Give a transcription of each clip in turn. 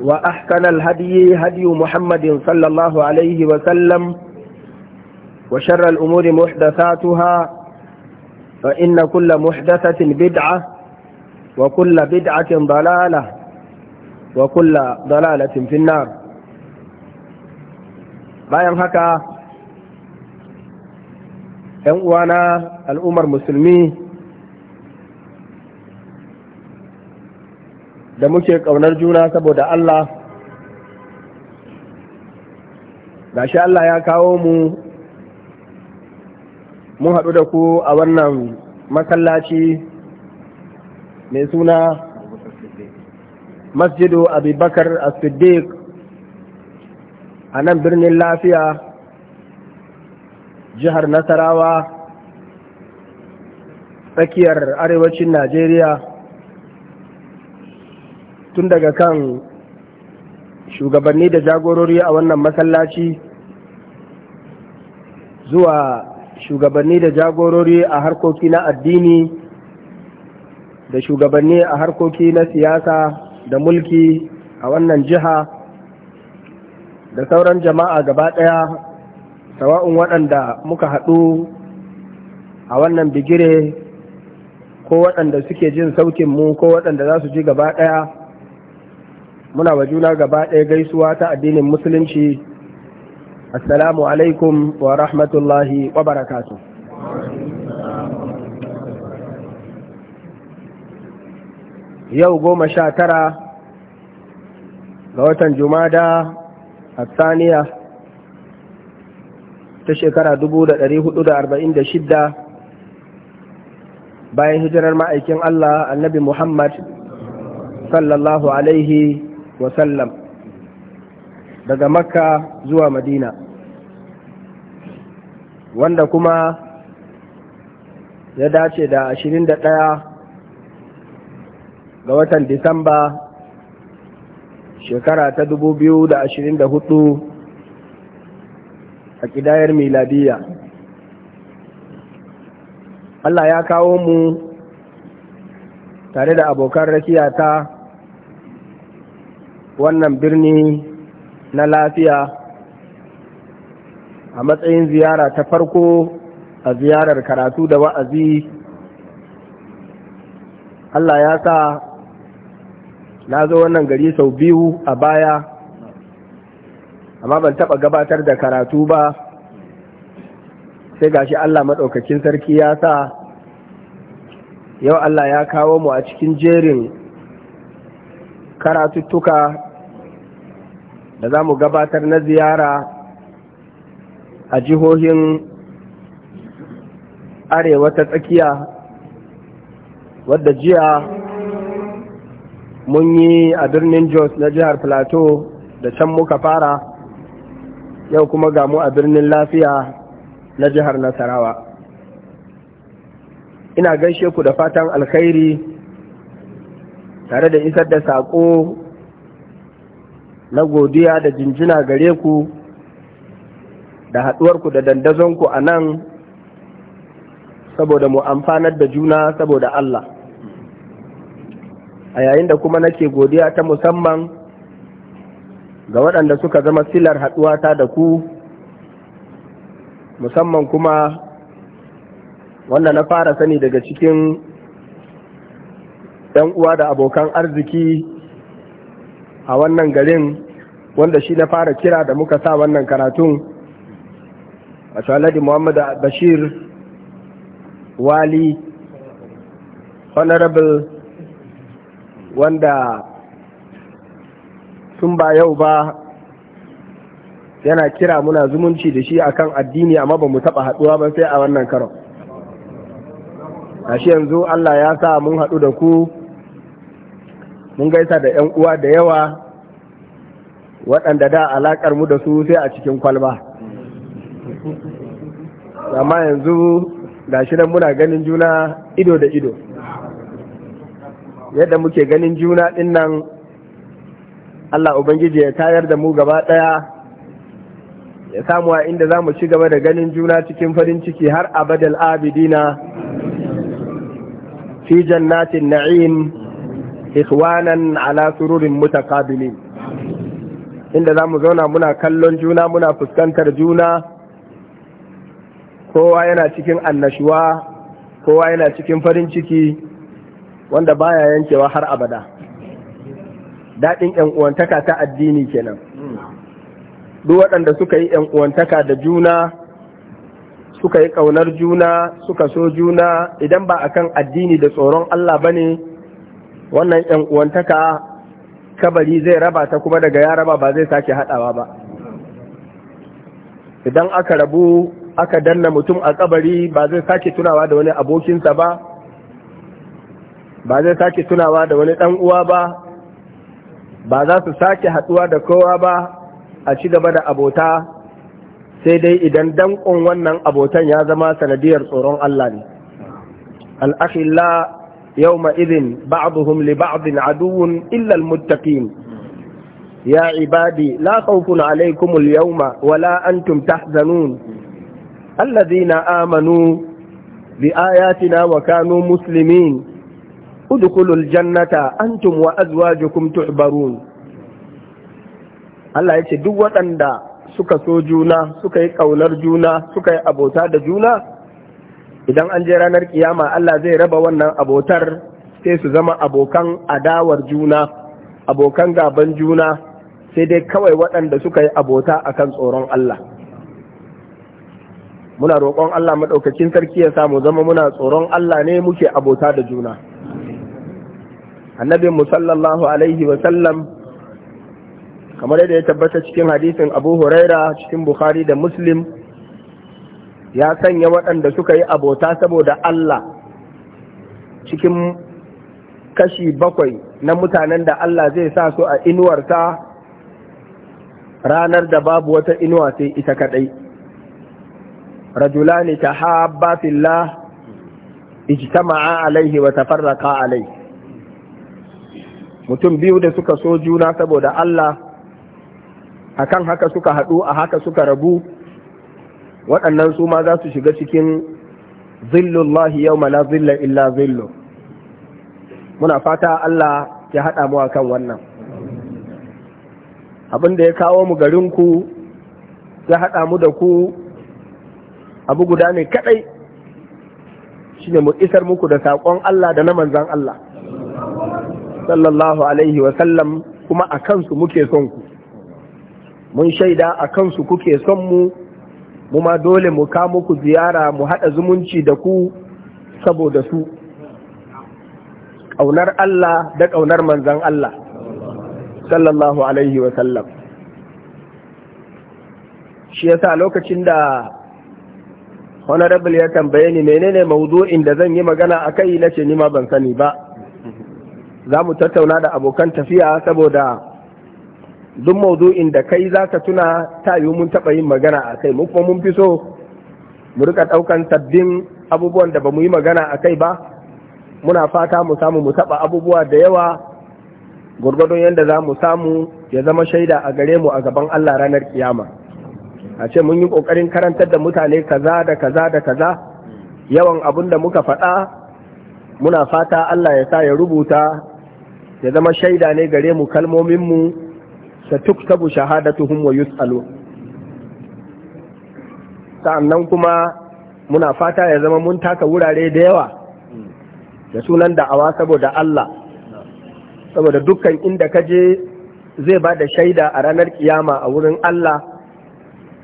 وأحسن الهدي هدي محمد صلى الله عليه وسلم وشر الأمور محدثاتها فإن كل محدثة بدعة وكل بدعة ضلالة وكل ضلالة في النار bayan haka أن أنا al'ummar musulmi da muke ƙaunar juna saboda Allah gashi Allah ya kawo mu mun haɗu da ku a wannan masallaci mai suna masjidu abubakar as-siddiq a nan birnin lafiya jihar nasarawa tsakiyar arewacin najeriya tun daga kan shugabanni da jagorori a wannan masallaci zuwa shugabanni da jagorori a harkoki na addini da shugabanni a harkoki na siyasa da mulki a wannan jiha da sauran jama'a gaba ɗaya sawa'un waɗanda muka haɗu a wannan bigire ko waɗanda suke jin saukinmu ko waɗanda za su ji gaba ɗaya muna wa juna gaba ɗaya gaisuwa ta addinin musulunci assalamu alaikum wa rahmatullahi wa barakatu yau goma sha tara ga watan jumada a saniya ta shekara shidda, bayan hijirar ma'aikin Allah annabi Muhammad sallallahu alaihi wasallam daga makka zuwa madina wanda kuma ya dace da 21 ga watan disamba shekara ta da 2024 a ƙidayar miladiya Allah ya kawo mu tare da abokan rakiya ta wannan birni na lafiya a matsayin ziyara ta farko a ziyarar karatu da wa'azi Allah ya sa na zo wannan gari sau biyu a baya amma ban taɓa gabatar da karatu ba sai gashi Allah maɗaukakin sarki ya sa yau Allah ya kawo mu a cikin jerin karatuttuka da za mu gabatar na ziyara a jihohin arewa ta tsakiya wadda jiya mun yi a birnin jos na jihar plateau da can muka fara yau kuma ga mu a birnin lafiya na jihar nasarawa ina gaishe ku da fatan alkhairi tare da isar da saƙo na godiya da jinjina gare ku da haɗuwarku da dandazonku a nan saboda mu amfanar da juna saboda Allah a yayin da kuma nake godiya ta musamman ga waɗanda suka zama silar haɗuwata da ku musamman kuma wanda na fara sani daga cikin 'yan uwa da abokan arziki a wannan garin wanda shi na fara kira da muka sa wannan karatun a shaladi muhammad bashir wali honorable wanda tun ba yau ba yana kira muna zumunci da shi akan addini amma ba mu taɓa haɗuwa ba sai a wannan karo, a shi yanzu allah ya sa mun haɗu da ku mun gaisa da 'yan uwa da yawa waɗanda da alaƙar mu da su sai a cikin kwalba amma yanzu ga shi nan muna ganin juna ido da ido yadda muke ganin juna ɗin nan Allah Ubangiji ya tayar da mu gaba ɗaya ya samu a inda za mu ci gaba da ganin juna cikin farin ciki har abadal abidina fi jannatin na'im ikhwanan ala sururin mutakabilin inda za mu zauna muna kallon juna muna fuskantar juna kowa yana cikin annashuwa kowa yana cikin farin ciki wanda baya yankewa har abada daɗin ‘yan uwantaka ta addini kenan duk waɗanda suka yi ‘yan uwantaka da juna suka yi ƙaunar juna suka so juna idan ba akan addini da tsoron Allah ba ne wannan yan uwantaka kabari zai raba ta kuma daga ya raba ba zai sake haɗawa ba idan aka rabu aka danna mutum a kabari ba zai sake tunawa da wani abokinsa ba ba zai sake tunawa da wani ɗan uwa ba ba za su sake haɗuwa da kowa ba a ci gaba da abota sai dai idan danƙon wannan abotan ya zama sanadiyar tsoron Allah ne al'ashilla يومئذ بعضهم لبعض عدو إلا المتقين يا عبادي لا خوف عليكم اليوم ولا أنتم تحزنون الذين آمنوا بآياتنا وكانوا مسلمين ادخلوا الجنة أنتم وأزواجكم تحبرون الله يتدوى أن duk waɗanda suka so juna suka yi ƙaunar juna idan an je ranar kiyama Allah zai raba wannan abotar sai su zama abokan adawar juna abokan gaban juna sai dai kawai waɗanda suka yi abota akan tsoron Allah muna roƙon Allah maɗaukacin sarki ya samu zama muna tsoron Allah ne muke abota da juna annabi mu sallallahu alaihi wa sallam kamar yadda ya tabbata cikin hadisin Abu Huraira cikin Bukhari da Muslim ya sanya waɗanda suka yi abota saboda Allah cikin kashi bakwai na mutanen da Allah zai sa su a inuwarta ranar da babu wata inuwa sai ita kaɗai. rajula ne ta haɓa fillah, ijtama'a alaihi wa tafarraka alai. Mutum biyu da suka so juna saboda Allah, akan haka suka haɗu a haka suka rabu. waɗannan su ma za su shiga cikin zillullahi yau la zilla illa zillu muna fata Allah ya haɗa mu akan wannan abin ya kawo mu garinku ya haɗa mu da ku abu guda ne kaɗai shine mu isar muku da saƙon Allah da na manzan Allah sallallahu alaihi wasallam kuma a kansu muke son ku mun shaida a kansu kuke son mu mu ma dole mu kamo ku ziyara mu haɗa zumunci da ku saboda su ƙaunar Allah da ƙaunar manzan Allah sallallahu alaihi wa sallam. shi yasa lokacin da honorable ya tambaye ni menene maudu'in da zan yi magana a kai na ce nima ban sani ba za mu tattauna da abokan tafiya saboda duk maudu'in da kai za ka tuna ta yiwu mun taɓa yin magana a kai mu kuma mun fi so mu rika ɗaukan sabbin abubuwan da ba mu yi magana a kai ba muna fata mu samu mu taɓa abubuwa da yawa gwargwadon yadda za mu samu ya zama shaida a gare mu a gaban Allah ranar kiyama a ce mun yi ƙoƙarin karantar da mutane kaza da kaza da kaza yawan abun da muka faɗa muna fata Allah ya sa ya rubuta ya zama shaida ne gare mu kalmominmu da shahadatuhum wa yus'alu sa'annan kuma muna fata ya zama mun taka wurare da yawa da sunan da'awa saboda Allah saboda dukkan inda ka je zai ba da shaida a ranar kiyama a wurin Allah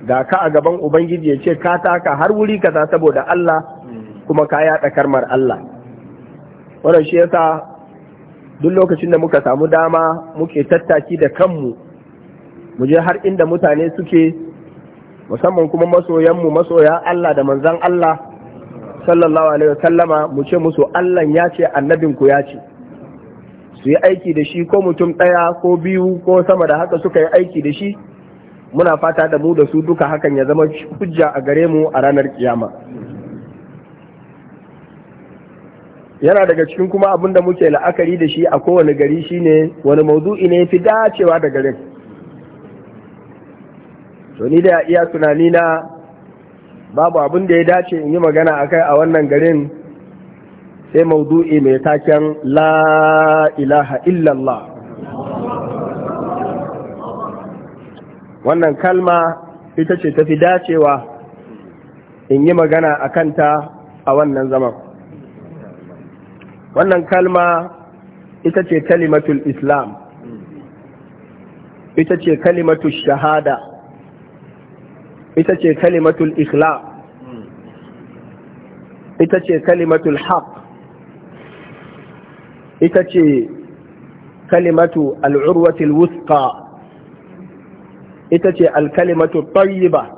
ga ka a gaban Ubangiji ya ce ka taka har wuri kaza saboda Allah kuma ka yaɗa karmar Allah wannan shi yasa duk lokacin da muka samu dama muke tattaki da kanmu mu je har inda mutane suke musamman kuma masoyanmu masoya Allah da manzan Allah sallallahu alaihi wasallama mu ce musu Allah ya ce annabin ku ya ce su yi aiki da shi ko mutum ɗaya ko biyu ko sama da haka suka yi aiki da shi muna fata da mu da su duka hakan ya zama hujja a gare mu a ranar kiyama yana daga cikin kuma abin da muke la'akari da shi a kowane gari shine wani maudu'i ne fi dacewa da garin to ni da iya tunani na babu abin da ya dace in yi magana akai a wannan garin sai maudu'i mai taken la ilaha illallah wannan kalma ita ce tafi dacewa in yi magana a kanta a wannan zaman wannan kalma ita ce kalimatul islam ita ce kalimatul shahada ita ce kalimatul ikhla ita ce kalimatul haq ita ce kalimatu al'urwatul wuska ita ce alkalimatu tayyiba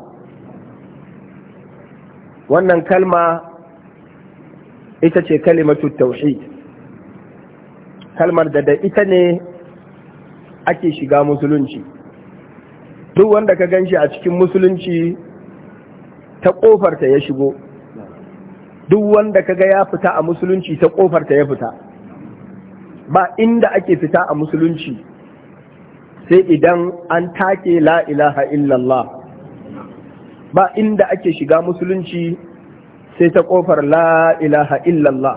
wannan kalma ita ce kalimatu tauhid kalmar da da ita ne ake shiga musulunci duk wanda ka ganshi a cikin musulunci ta kofarta ya shigo duk wanda ka ga ya fita a musulunci ta kofarta ya fita ba inda ake fita a musulunci sai idan an take la ilaha illallah ba inda ake shiga musulunci sai ta kofar la ilaha illallah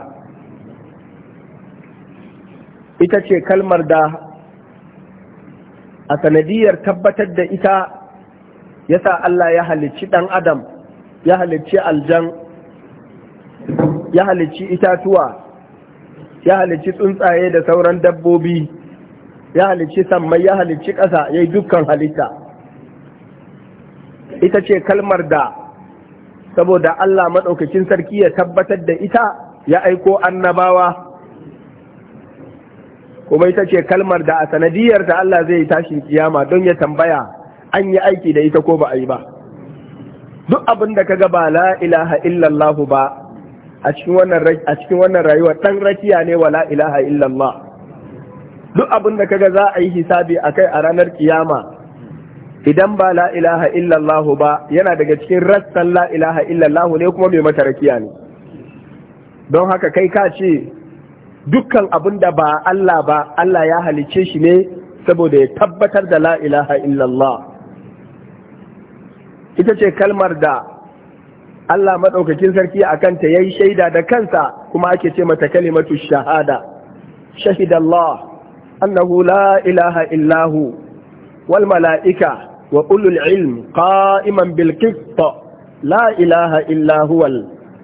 ita ce kalmar da a sanadiyar tabbatar da ita ya sa Allah ya halicci ɗan adam ya halicci aljan ya halicci itatuwa ya halicci tsuntsaye da sauran dabbobi ya halicci sammai ya halicci ƙasa ya yi dukkan halitta ita ce kalmar da saboda Allah maɗaukakin sarki ya tabbatar da ita ya aiko annabawa kuma ita ce kalmar da a sanadiyar ta Allah zai tashin kiyama don ya tambaya an yi aiki da ita ko ba a yi ba duk abin da kaga ba la ilaha illallah ba a cikin wannan rayuwa ɗan rakiya ne wa ilaha illallah duk abin da kaga za a yi hisabi akai a ranar kiyama idan ba la ilaha illallah ba yana daga cikin rassan la ilaha illallah ne kuma mai mata rakiya ne don haka kai ka ce dukkan abin da ba Allah ba Allah ya halice shi ne saboda ya tabbatar da la ilaha illallah ita ce kalmar da Allah maɗaukakin sarki a kanta ya yi shaida da kansa kuma ake ce mata kalimatu shahada shahidallah annahu la ilaha illahu wal mala'ika wa ulul ilm qa'iman bil qist la ilaha illahu wal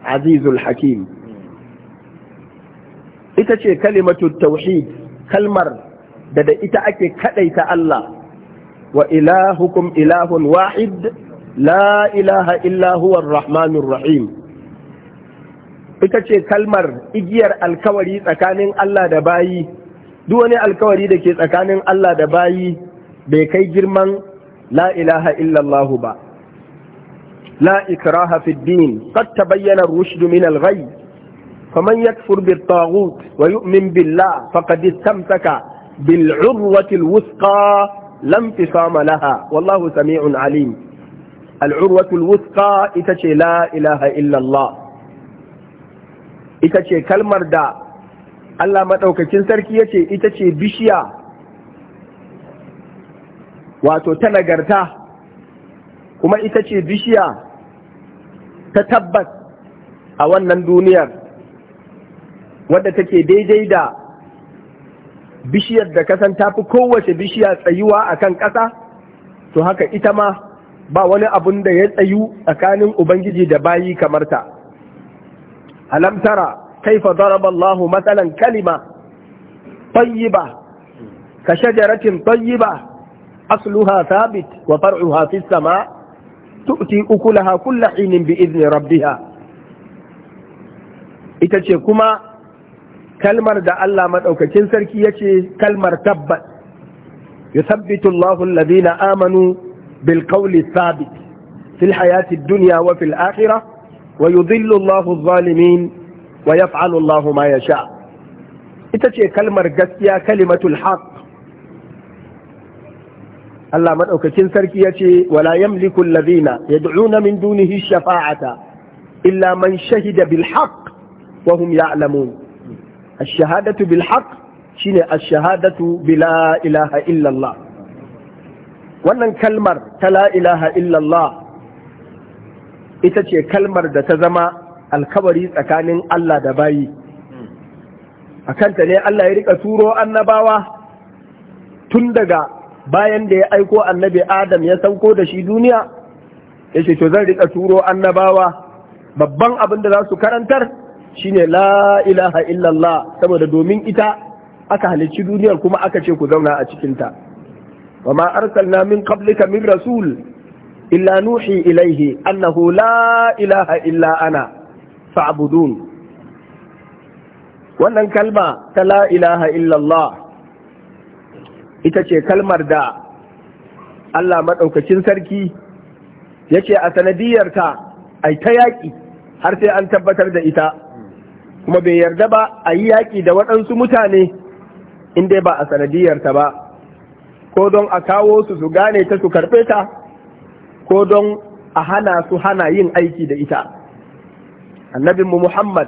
azizul hakim ita ce kalimatu tauhid kalmar da da ita ake kadaita Allah wa ilahukum ilahun wahid la ilaha illa huwa rahmanur rahim ita ce kalmar igiyar alkawari tsakanin Allah da bayi duk wani alkawari da ke tsakanin Allah da bayi bai kai girman la ilaha illallahu ba la ikraha fid din qad tabayyana ar-rushd min al faman yakfur bit taghut wa yu'min billah faqad istamsaka bil urwati al wusqa lam tisama laha wallahu sami'un alim al urwatu al wusqa ita ce la ilaha illa ita ce kalmar da Allah madaukakin sarki yace ita ce bishiya wato ta nagarta kuma ita ce bishiya ta tabbas a wannan duniyar wadda take daidai da bishiyar da kasan tafi kowace bishiya tsayuwa a kan ƙasa to haka ita ma ba wani abun da ya tsayu tsakanin ubangiji da bayi kamar ta alamtara tara kaifa daraba matsalan kalima tayyiba ka shajaratin tayyiba asluha thabit wa far'uha fis sama tu'ti ukulaha kulla hinin bi izni rabbiha ita ce kuma kalmar da Allah maɗaukakin sarki ya ce kalmar tabbat yusabbitu Allahu alladhina amanu bil qawli thabit fil hayati dunya wa fil akhirah wa yudhillu Allahu adh-dhalimin wa yaf'alu Allahu ma yasha ita ce kalmar gaskiya kalimatul haqq Allah maɗaukakin sarki ya ce wala yamliku alladhina yad'una min dunihi shafa'ata illa man shahida bil haqq wa hum ya'lamun Ashahadatu shahadatu shine ash-shahadatu bila ilaha illallah wannan kalmar ta la ilaha illallah ita ce kalmar da ta zama alkawari tsakanin Allah da bayi a kanta ne Allah ya rika turo annabawa tun daga bayan da ya aiko annabi Adam ya sauko da shi duniya ya ce to zan rika turo annabawa babban abin da za su karantar shine la ilaha illallah saboda domin ita aka halicci duniyar kuma aka ce ku zauna a cikinta wa ma arsalna min qablika min rasul illa nuhi ilaihi annahu la ilaha illa ana fa'budun wannan kalma ta la ilaha illallah ita ce kalmar da Allah maɗaukacin sarki ya ce a sanadiyarta ai ta yaƙi har sai an tabbatar da ita kuma bai yarda ba a yi yaƙi da waɗansu mutane in ba a sanadiyarta ba ko don a kawo su su gane ta su karɓe ta ko don a hana su hana yin aiki da ita annabinmu muhammad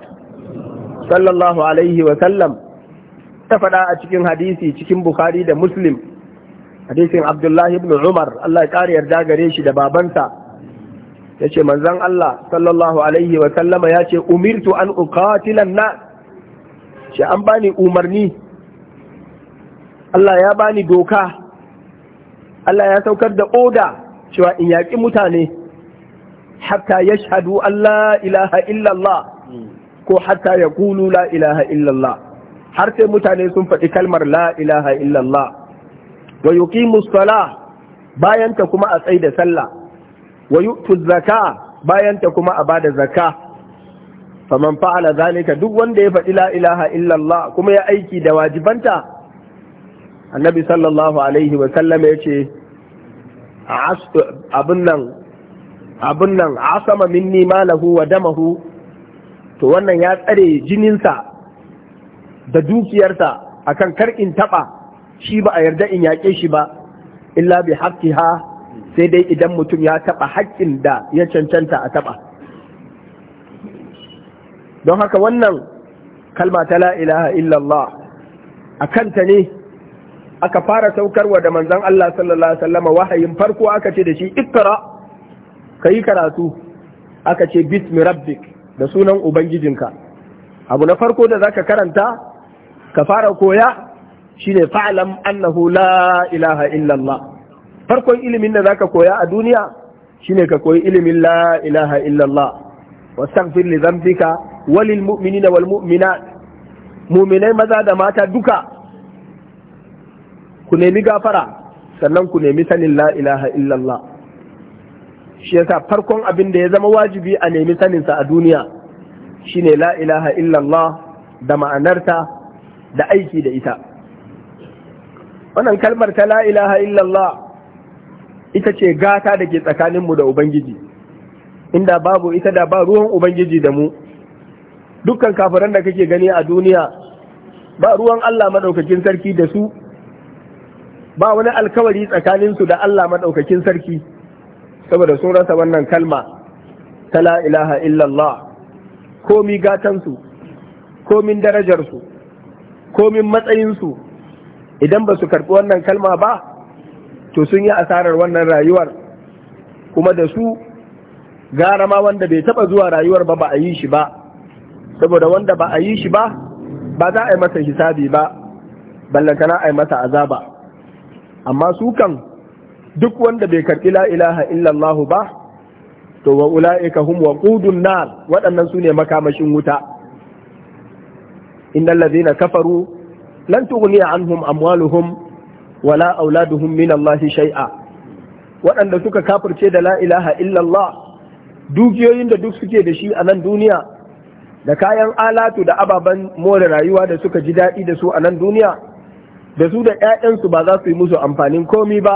sallallahu alaihi wasallam ta faɗa a cikin hadisi cikin bukhari da muslim hadisin abdullahi ibn umar allah ya ƙara yarda gare shi da babansa yace manzan Allah sallallahu alaihi wa sallama yace umirtu an uqatilan na shi an bani umarni Allah ya bani doka Allah ya saukar da oda cewa in yaƙi mutane hatta yashhadu an la ilaha illallah ko hatta ya yaqulu la ilaha illallah har sai mutane sun faɗi kalmar la ilaha illallah wa yuqimus salah bayan ta kuma a tsaida sallah wa yu'tu zaka bayan ta kuma a bada zaka faman fa'ala zalika duk wanda ya faɗi la ilaha Allah kuma ya aiki da wajibanta annabi sallallahu alaihi wa sallam ya ce abun nan abun nan asama minni malahu wa damahu to wannan ya tsare jininsa da dukiyarsa akan kar in taɓa shi ba a yarda in yaƙe shi ba illa bi haqqiha sai dai idan mutum ya taɓa haƙƙin da ya cancanta a taɓa don haka wannan kalma ta la'ilaha illallah a kanta ne aka fara saukarwa da manzan Allah sallallahu Alaihi wahayin farko aka ce da shi ikra ka yi karatu aka ce bismi rabbik da sunan ubangijinka abu na farko da zaka karanta ka fara koya shine fa'lam annahu la'ilaha illallah farkon ilimin da zaka koya a duniya shine ka koyi ilimin la ilaha illallah wastaghfir li dhanbika walil mu'minina wal mu'minat mu'minai maza da mata duka ku nemi gafara sannan ku nemi sanin la ilaha illallah shi yasa farkon abin da ya zama wajibi a nemi saninsa a duniya shine la ilaha illallah da ma'anarta da aiki da ita wannan kalmar ta la ilaha illallah ita ce gata da ke tsakaninmu da ubangiji inda babu ita da ba ruwan ubangiji da mu dukkan kafiran da kake gani a duniya ba ruwan Allah maɗaukakin sarki da su ba wani alkawari tsakaninsu da Allah maɗaukakin sarki saboda sun rasa wannan kalma ta la ilaha illallah komi gatansu komin darajarsu komin matsayinsu idan ba su karɓi wannan kalma ba to sun yi asarar wannan rayuwar kuma da su gara ma wanda bai taba zuwa rayuwar ba ba a yi shi ba saboda wanda ba a yi shi ba ba za a yi masa hisabi ba ballantana a yi masa azaba amma su kan duk wanda bai karɓi la ilaha illallah ba to wa ula'ika hum wa qudun nar waɗannan su ne makamashin wuta innal ladhina kafaru lan tughniya anhum amwaluhum wala auladuhum min Allah shay'a waɗanda suka kafirce da la ilaha illallah dukiyoyin da duk suke da shi a nan duniya da kayan alatu da ababen more rayuwa da suka ji daɗi da su a nan duniya da su da 'ya'yansu ba za su yi musu amfanin komi ba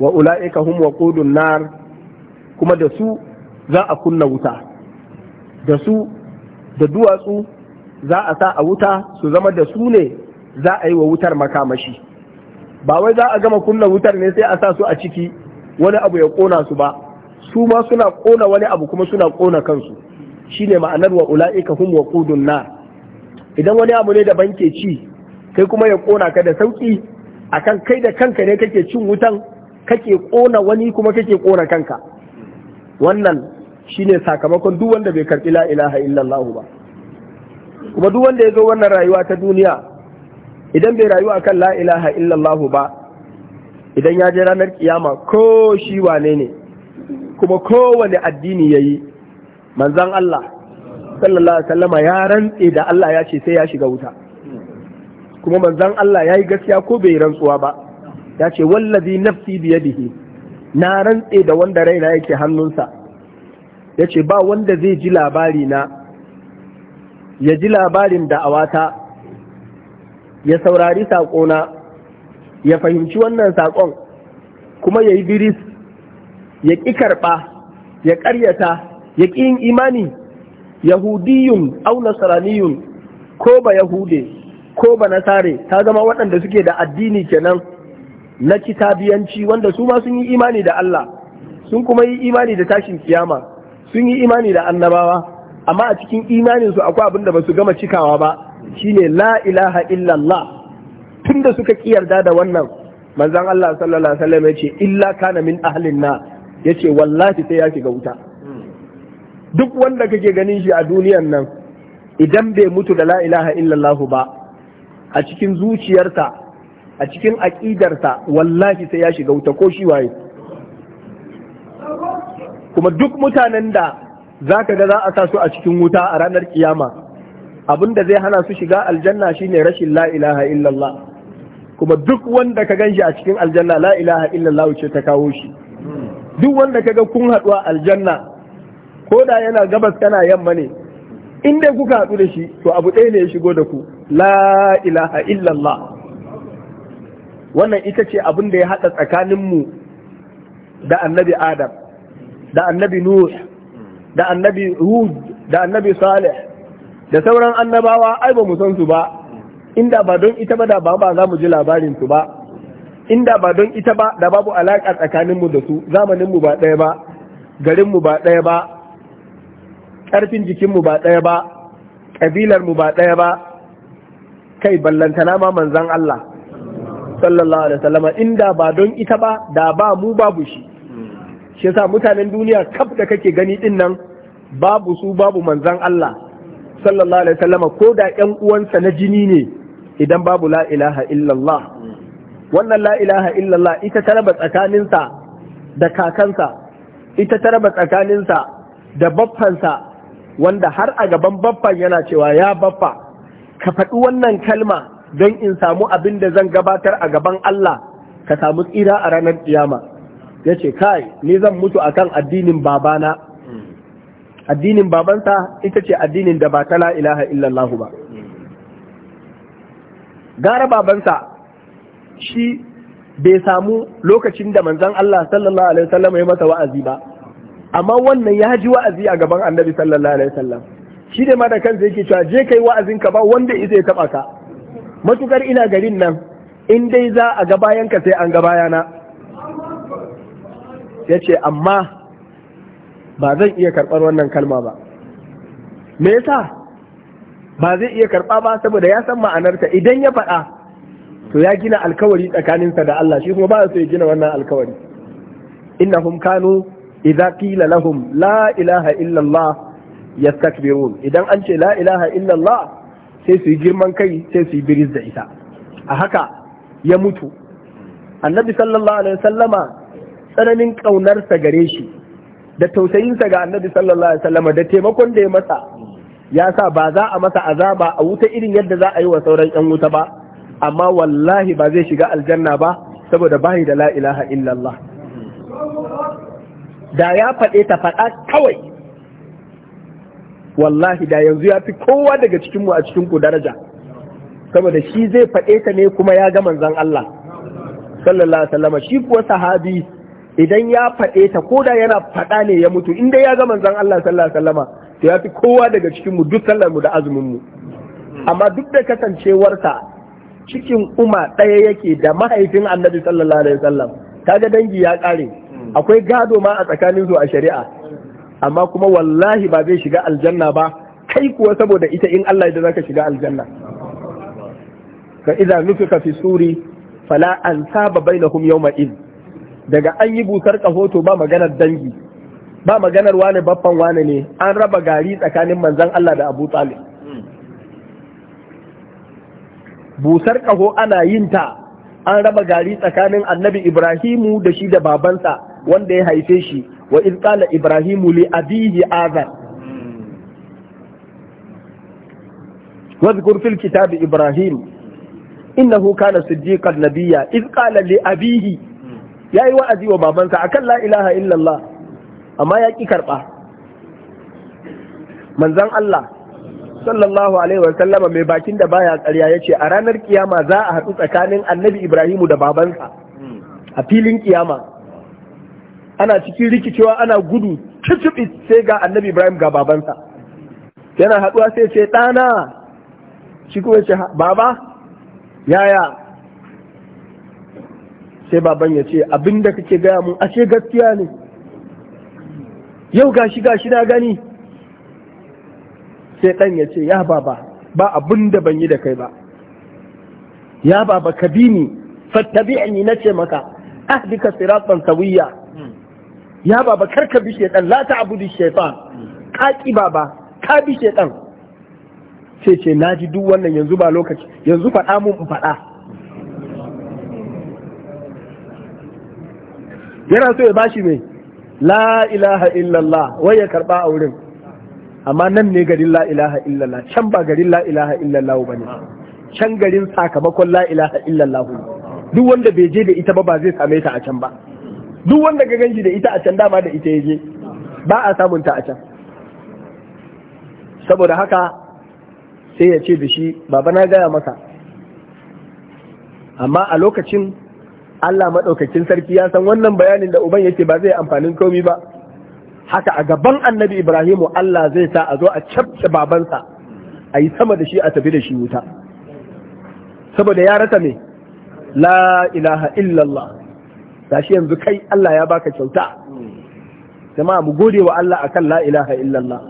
wa ula'ika hum waqudun nar kuma da su za a kunna wuta da su da duwatsu za a sa a wuta su zama da su ne za a yi wa wutar makamashi ba wai za a gama kunna wutar ne sai a sa su a ciki wani abu ya kona su ba su ma suna kona wani abu kuma suna kona kansu shine ma'anar wa ula'ika hum waqudun nar idan wani abu ne da banke ci kai kuma ya kona ka da sauki akan kai da kanka ne kake cin wutan kake kona wani kuma kake kona kanka wannan shine sakamakon duk bai karbi la ilaha illallah ba kuma duk wanda ya zo wannan rayuwa ta duniya idan bai rayu akan la ilaha illallah ba idan ya je ranar kiyama ko shi wane ne kuma kowane addini ya yi manzan Allah sallallahu alaihi ya rantse da Allah ya ce sai ya shiga wuta kuma manzan Allah ya yi gaskiya ko bai rantsuwa ba ya ce wallazi nafsi biyadihi na rantse da wanda raina yake hannunsa ya ce ba wanda zai ji labari na ya ji labarin da awata ya saurari saƙona ya fahimci wannan saƙon kuma ya yi biris ya ƙi karɓa ya ƙaryata ya ƙi yin imani yahudiyun au nasaraniyun ko ba yahude ko ba nasare ta zama waɗanda suke da addini kenan na kitabiyanci wanda su ma sun yi imani da Allah sun kuma yi imani da tashin kiyama sun yi imani da annabawa amma a cikin imaninsu akwai abin da ba su gama cikawa ba shine la ilaha illallah tunda suka yarda da wannan manzon Allah sallallahu alaihi wasallam yace illa kana min ahlin na yace wallahi sai ya shiga wuta duk wanda kake ganin shi a duniyan nan idan bai mutu da la ilaha illallah ba a cikin zuciyarsa a cikin aƙidarta, wallahi sai ya shiga wuta ko shi waye kuma duk mutanen da za ka ga za a sa su a cikin wuta a ranar kiyama abin da zai hana su shiga aljanna shine rashin la ilaha illallah kuma duk wanda ka ganshi a cikin aljanna la ilaha illallah ce ta kawo shi duk wanda ka ga kun haɗuwa aljanna ko da yana gabas kana yamma ne in dai kuka haɗu da shi to abu ɗaya ne ya shigo da ku la ilaha illallah wannan ita ce abin da ya haɗa tsakaninmu da annabi adam da annabi nuh da annabi hud da annabi salih da sauran annabawa ai ba mu san su ba inda ba don ita ba da ba ba za mu ji labarin su ba inda ba don ita ba da babu alaƙa tsakanin mu da su zamanin mu ba ɗaya ba garin mu ba ɗaya ba ƙarfin jikin mu ba ɗaya ba ƙabilar mu ba ɗaya ba kai ballantana ma manzon Allah sallallahu alaihi wasallama inda ba don ita ba da ba mu babu shi shi yasa mutanen duniya kaf da kake gani din nan babu su babu manzon Allah sallallahu alaihi wasallama ko da ƴan uwansa na jini ne idan babu la ilaha illallah wannan la ilaha illallah ita ta raba tsakaninsa da kakansa ita ta raba tsakaninsa da baffansa wanda har a gaban baffan yana cewa ya baffa ka faɗi wannan kalma don in samu abin da zan gabatar a gaban Allah ka samu tsira a ranar kiyama ya ce kai ni zan mutu akan addinin babana addinin babansa ita ce addinin da ba ta la ilaha illallahu ba gara babansa shi bai samu lokacin da manzon Allah sallallahu alaihi wasallam ya masa wa'azi ba amma wannan ya ji wa'azi a gaban annabi sallallahu alaihi wasallam shi da ma da kansa yake cewa je kai wa'azin ka ba wanda isa ya taba ka matukar ina garin nan in dai za a ga bayan sai an ga bayana yace amma ba zan iya karɓar wannan kalma ba me yasa ba zai iya karɓa ba saboda ya san ma'anarta idan ya faɗa to ya gina alkawari tsakaninsa da Allah shi kuma ba su ya gina wannan alkawari innahum kanu idza qila lahum la ilaha illallah yastakbirun idan an ce la ilaha illallah sai su yi girman kai sai su yi biris da ita a haka ya mutu annabi sallallahu alaihi wasallama tsananin ƙaunarsa gare shi da tausayinsa ga annabi sallallahu alaihi wasallam da taimakon da ya masa ya sa ba za a masa azaba a wuta irin yadda za a yi wa sauran yan wuta ba amma wallahi ba zai shiga aljanna ba saboda bayi da la ilaha illallah da ya faɗe ta faɗa kawai wallahi da yanzu ya fi kowa daga cikinmu a cikin ku daraja saboda shi zai faɗe ta ne kuma ya ga manzon Allah sallallahu alaihi wasallam shi kuwa sahabi idan ya faɗe ta ko da yana faɗa ne ya mutu inda ya ga manzon Allah sallallahu alaihi wasallama to ya fi kowa daga cikin mu duk sallar mu da azumin mu amma duk da kasancewarsa cikin umma ɗaya yake da mahaifin annabi sallallahu alaihi wasallam kaga dangi ya ƙare akwai gado ma a tsakanin su a shari'a amma kuma wallahi ba zai shiga aljanna ba kai kuwa saboda ita in Allah ya zaka shiga aljanna ka nufi nufika fi suri fala ansaba bainahum yawma idh daga an yi busar kahoto ba maganar dangi ba maganar wane baffan wane ne an raba gari tsakanin manzan Allah da Abu Talib busar kaho ana yin ta an raba gari tsakanin annabi Ibrahimu da shi da babansa wanda ya haife shi wa in qala Ibrahimu li abihi azar واذكر في الكتاب إبراهيم إنه كان صديقا نبيا إذ قال لأبيه ya yi wa'azi wa babansa a la ilaha illallah amma ya ƙi karɓa manzan Allah sallallahu alaihi wasallama mai bakin da baya tsariya, ya ce a ranar kiyama za a haɗu tsakanin annabi Ibrahimu da babansa a filin kiyama ana cikin rikicewa ana gudu cicciɓi sai ga annabi Ibrahim ga babansa yana haɗuwa sai ce ɗana shi kuma ce baba yaya sai baban ya ce abinda kake gaya mun ashe gaskiya ne yau gashi gashi na gani sai ɗan ya ce ya baba ba abin da ban yi da kai ba ya baba ka bi ni fattabi'ni na ce maka ahdika siratan sawiya ya baba kar ka bi shaytan la abudu shaytan kaki baba ka bi shaytan sai ce naji duk wannan yanzu ba lokaci yanzu faɗa mun in faɗa yana so ya bashi mai la ilaha illallah wai ya karba a wurin amma nan ne garin la ilaha illallah can ba garin la ilaha illallah ba ne can garin sakamakon la ilaha illallah duk wanda bai je da ita ba ba zai same ta a can ba duk wanda ga ganji da ita a can dama da ita ya je ba a samun ta a can saboda haka sai ya ce da shi baba na gaya masa, amma a lokacin Allah maɗaukakin sarki ya san wannan bayanin da uban yake ba zai amfanin komi ba haka a gaban annabi Ibrahimu Allah zai sa a zo a cafke babansa a yi sama da shi a tafi da shi wuta saboda ya rasa me la ilaha illallah shi yanzu kai Allah ya baka kyauta jama'a mu gode wa Allah akan la ilaha illallah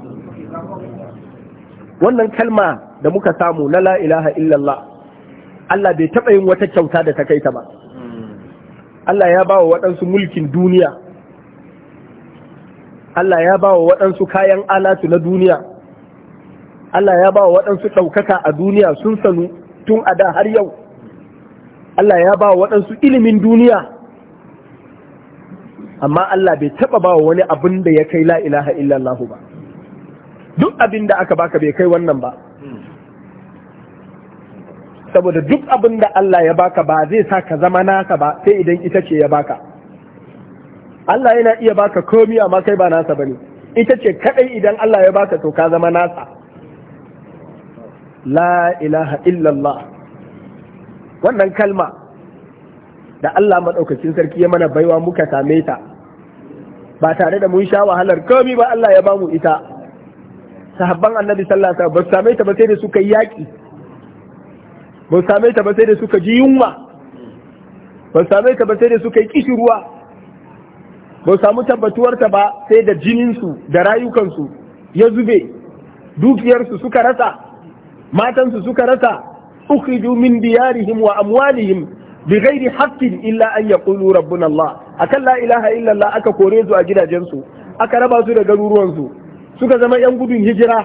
wannan kalma da muka samu na la ilaha illallah Allah bai taɓa yin wata kyauta da ta kai ta ba Allah ya ba wa waɗansu mulkin duniya Allah ya ba wa waɗansu kayan alatu na duniya Allah ya ba wa waɗansu ɗaukaka a duniya sun sanu tun a da har yau Allah ya ba wa waɗansu ilimin duniya amma Allah bai taɓa ba wa wani abin da ya kai la'ilaha ilaha illallahu ba duk abin da aka baka bai kai wannan ba saboda duk abin da Allah ya baka ba zai sa ka zama naka ba sai idan ita ce ya baka Allah yana iya baka komi amma kai ba nasa bane ita ce kadai idan Allah ya baka to ka zama nasa la ilaha illallah wannan kalma da Allah maɗaukacin sarki ya mana baiwa muka same ta ba tare da mun sha wahalar komi ba Allah ya bamu ita sahabban annabi sallallahu alaihi wasallam ba same ta ba sai da suka yaki ba same ta ba sai da suka ji yunwa ba same ta ba sai da suka yi kishirwa ba samu tabbatuwarta ba sai da jininsu da rayukansu ya zube dukiyarsu suka rasa matansu suka rasa ukhriju min diyarihim wa amwalihim bi ghairi haqqin illa an yaqulu rabbuna Allah akan la ilaha illa Allah aka kore su a gidajensu aka raba su da garuruwansu suka zama yan gudun hijira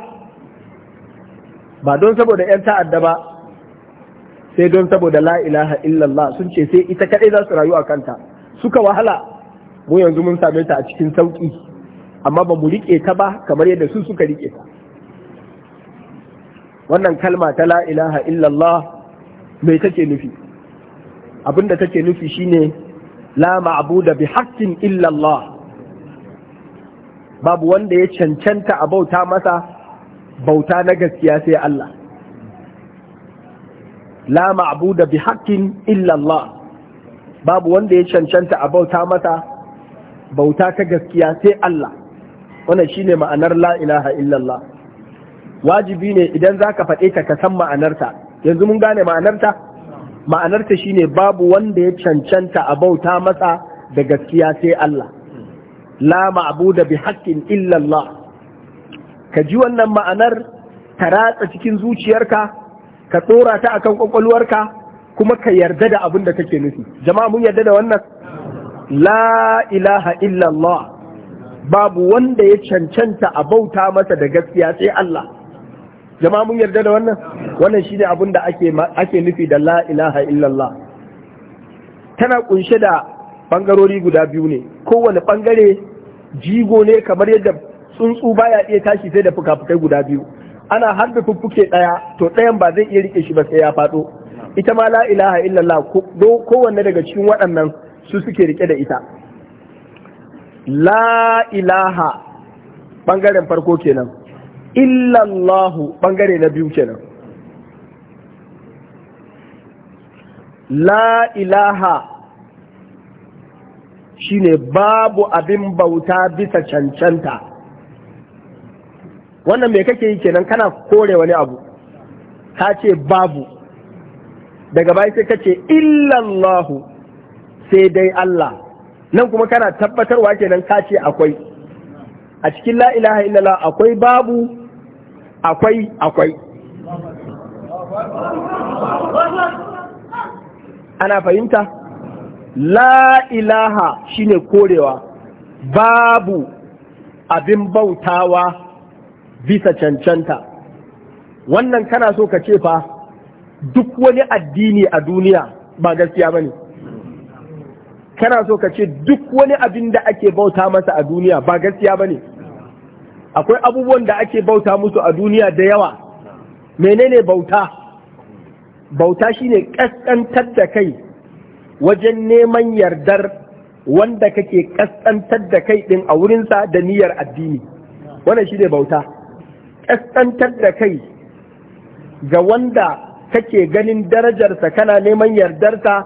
ba don saboda yan ta'adda ba sai don saboda la ilaha illallah sun ce sai ita kadai za su rayu a kanta suka wahala mu yanzu mun same ta a cikin sauki amma ba mu rike ta ba kamar yadda su suka rike ta wannan kalma ta la ilaha illallah mai take nufi abinda take nufi shine la ma'buda bi haqqin illallah babu wanda ya cancanta a bauta masa bauta na gaskiya sai Allah la ma'buda bi haƙƙin illallah babu wanda ya cancanta a bauta mata bauta ta gaskiya sai Allah wannan shine ma'anar la ilaha illallah wajibi ne idan zaka faɗe ta ka san ma'anarta yanzu mun gane ma'anarta ma'anarta shine babu wanda ya cancanta a bauta masa da gaskiya sai Allah la ma'buda bi haƙƙin illallah ka ji wannan ma'anar ta ratsa cikin zuciyarka ka tsora ta akan kwakwalwarka kuma ka yarda da abin da kake nufi jama'a mun yarda da wannan la ilaha illallah babu wanda ya cancanta a bauta masa da gaskiya sai Allah jama'a mun yarda da wannan wannan shine abin da ake nufi da la ilaha illallah tana kunshe da bangarori guda biyu ne kowane bangare jigo ne kamar yadda tsuntsu baya iya tashi sai da fuka-fukai guda biyu ana harbe fuffuke ɗaya to ɗayan ba zai iya rike shi ba sai ya faɗo ita ma la ilaha illallah kowanne daga cikin waɗannan su suke rike da ita la ilaha bangaren farko kenan illallahu bangare na biyu kenan la ilaha shine babu abin bauta bisa cancanta wannan mai kake yi kenan kana kore wani abu ka ce babu daga bayan sai ka illallahu sai dai Allah nan kuma kana tabbatarwa kenan ka ce akwai a cikin la ilaha illallah akwai babu akwai akwai ana fahimta la ilaha shine korewa babu abin bautawa bisa cancanta wannan kana so ka ce fa duk wani addini a duniya ba gaskiya ba ne kana so ka ce duk wani abin da ake bauta masa a duniya ba gaskiya ba ne akwai abubuwan da ake bauta musu a duniya da yawa menene bauta bauta shine kaskantar da kai wajen neman yardar wanda kake kaskantar da kai din a wurin sa da niyyar addini wannan shine bauta ƙasƙantar da kai ga wanda kake ganin darajarsa kana neman yardarsa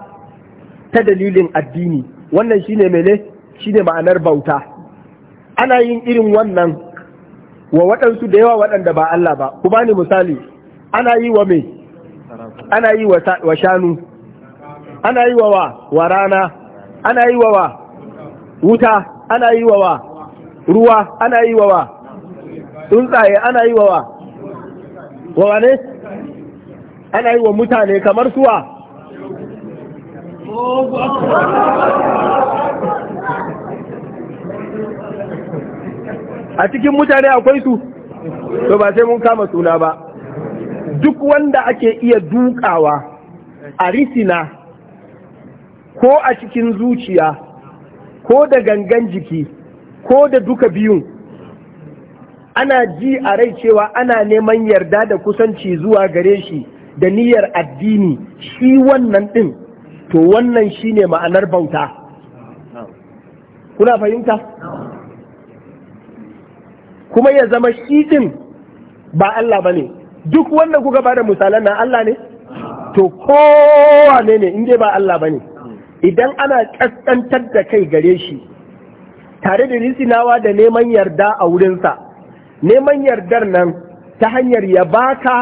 ta dalilin addini wannan shine mene shine ma'anar bauta ana yin irin wannan wa waɗansu da yawa waɗanda ba Allah ba ku bani misali ana yi wa me ana yi wa shanu ana yi wa wa wa rana ana yi wa wa wuta ana yi wa wa ruwa ana yi wa wa tsuntsaye ana yi wa wa wane ana yi wa mutane kamar suwa a cikin mutane akwai su to ba sai mun kama suna ba duk wanda ake iya dukawa a risina ko a cikin zuciya ko da gangan jiki ko da duka biyun ana ji a rai cewa ana neman yarda da kusanci zuwa gare shi da niyyar addini shi wannan ɗin to wannan shi ne ma'anar bauta kuna fahimta kuma ya zama shi ɗin ba Allah ba ne duk wannan kuka ba da misalan na Allah ne to kowa ne in ba Allah ba ne idan ana ƙasƙantar da kai gare shi tare da risinawa da neman yarda a wurinsa neman yardar nan ta hanyar ya baka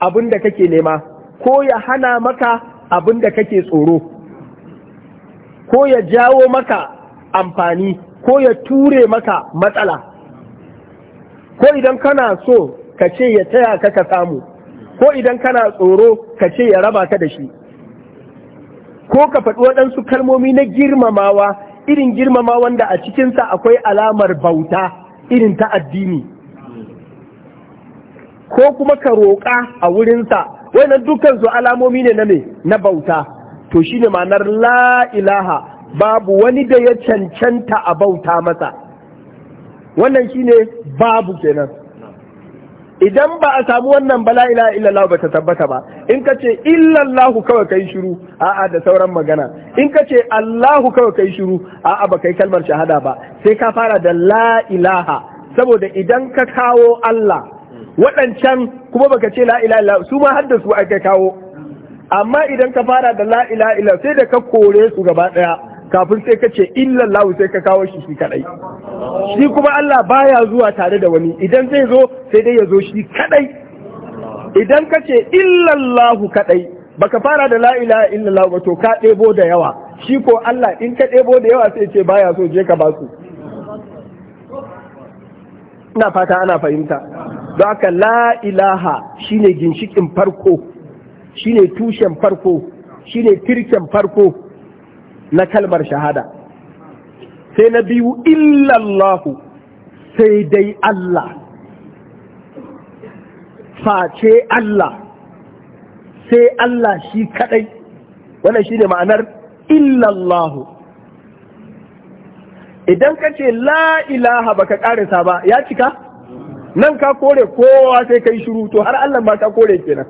abin da kake nema ko ya hana maka abin da kake tsoro ko ya jawo maka amfani ko ya ture maka matsala ko idan kana so ka ce ya taya ka ka samu ko idan kana tsoro ka ce ya raba ka da shi ko ka faɗi waɗansu kalmomi na girmamawa irin girmama wanda a cikinsa akwai alamar bauta irin ta addini ko kuma ka roƙa a wurinsa wannan dukkan su alamomi ne na me na bauta to shine ma'anar la ilaha babu wani da ya cancanta a bauta masa wannan shine babu kenan idan ba a samu wannan ba la ilaha illallah ba ta tabbata ba in ka ce illallahu kawai kai shiru a'a da sauran magana in ka ce allahu kawai kai shiru a'a ba kai kalmar shahada ba sai ka fara da la ilaha saboda idan ka kawo allah waɗancan kuma baka ce la'ila, ilaha su ma har da su aka kawo amma idan ka fara da la'ila, ilaha sai da ka kore su gaba ɗaya kafin sai ka ce illallahu sai ka kawo shi shi kadai shi kuma Allah baya zuwa tare da wani idan zai zo sai dai ya zo shi kadai idan ka ce illallahu kadai baka fara da la ilaha illallah ba to ka ɗebo da yawa shi ko Allah in ka ɗebo da yawa sai ce baya so je ka basu ina fata ana fahimta don haka la ilaha shine ginshikin farko shine tushen farko shine tirken farko na kalmar shahada sai na biyu illallahu sai dai Allah face Allah sai Allah shi kadai wannan shine ma'anar illallahu idan ka ce la ilaha baka ƙarisa ba ya cika nan ka kore kowa sai kai shiru to har Allah ma ka kore kenan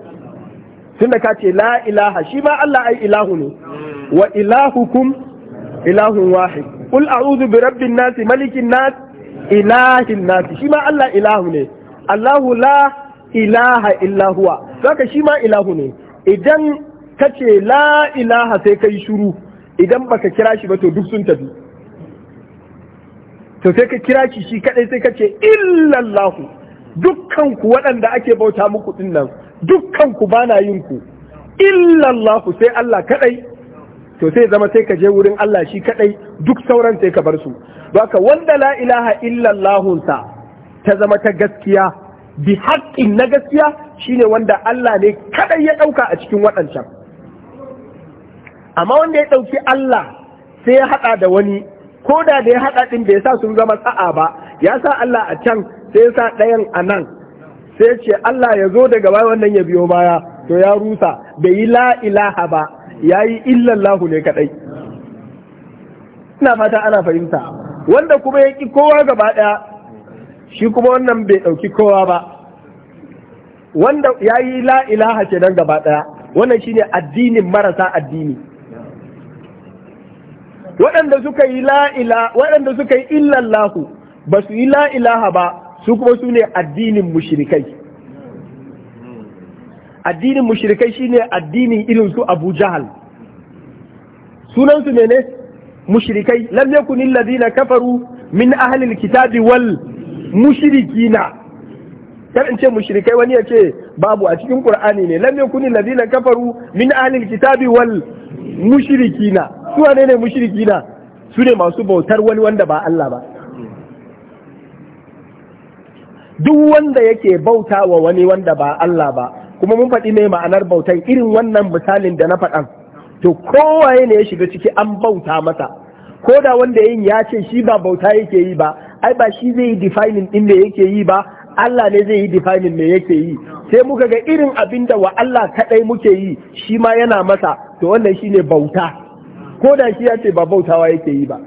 tunda ka ce la ilaha shi ma Allah ai ilahu ne wa ilahukum ilahun wahid qul a'udhu bi rabbin nas malikin nas ilahin nas shi ma Allah ilahu ne Allahu la ilaha illa huwa saka shi ma ilahu ne idan ka ce la ilaha sai kai shiru idan baka kira shi ba to duk sun tafi to sai ka kira shi shi kadai sai ka ce illallahu Dukkanku waɗanda ake bauta muku ɗin nan dukkan ku na yin ku illallah sai Allah kaɗai to sai zama sai ka je wurin Allah shi kaɗai duk sauran sai ka bar su baka wanda la'ilaha ilaha illallahunsa ta zama ta gaskiya bi haƙƙin na gaskiya shine wanda Allah ne kaɗai ya ɗauka a cikin waɗancan amma wanda ya ɗauki Allah sai ya haɗa da wani ko da da ya haɗa ɗin bai sa sun zama tsa'a ba ya sa Allah a can sai ya sa ɗayan a nan sai ce Allah ya zo daga baya wannan ya biyo baya to ya rusa bai yi la ilaha ba ya yi illallahu ne kaɗai ina fata ana fahimta wanda kuma ya ƙi kowa gaba ɗaya shi kuma wannan bai ɗauki kowa ba wanda ya yi la ilaha ce nan gaba ɗaya wannan shine addinin marasa addini waɗanda suka yi la waɗanda suka yi illallahu ba su yi la ilaha ba su kuma su ne addinin mushrikai addinin mushrikai shine addinin irin su abu jahal sunansu ne ne mushrikai lam yakun alladhina kafaru min ahli alkitabi wal mushrikina kar in ce mushrikai wani ya ce babu a cikin qur'ani ne lam yakun alladhina kafaru min ahli alkitabi wal mushrikina su ne ne mushrikina su ne masu bautar wani wanda ba Allah ba duk wanda yake bauta wa wani wanda ba Allah ba kuma mun faɗi mai ma'anar bautan irin wannan misalin da na faɗan to kowaye ne ya shiga ciki an bauta masa ko da wanda yin ya ce shi ba bauta yake yi ba ai ba shi zai yi defining din da yake yi ba Allah ne zai yi defining me yake yi sai muka ga irin abin da wa Allah kadai muke yi shi ma yana masa to wannan shine bauta ko da shi ya ce ba bautawa yake yi ba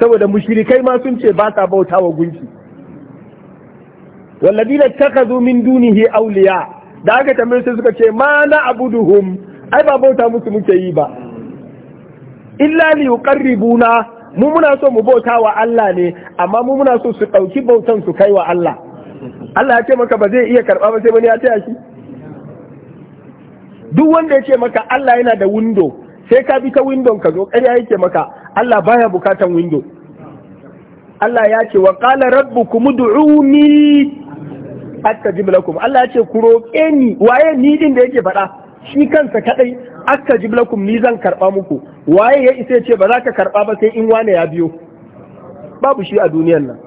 saboda mushrikai ma sun ce ba sa bautawa gunki walladina takazu min dunihi awliya da aka tambaye sai suka ce ma na abuduhum ai ba bauta musu muke yi ba illa li yuqarribuna mu muna so mu bauta wa Allah ne amma mu muna so su dauki bautan su kai wa Allah Allah ya ce maka ba zai iya karba ba sai wani ya taya shi duk wanda ya ce maka Allah yana da window sai ka bi ta window ka zo ƙarya yake maka Allah baya bukatan window Allah ya ce wa qala rabbukum ud'uni astajib lakum Allah ya ce ku roƙe ni waye ni din da yake faɗa shi kansa kadai ji lakum ni zan karɓa muku waye ya isa ya ce ba za ka karɓa ba sai in wane ya biyo babu shi a duniyan nan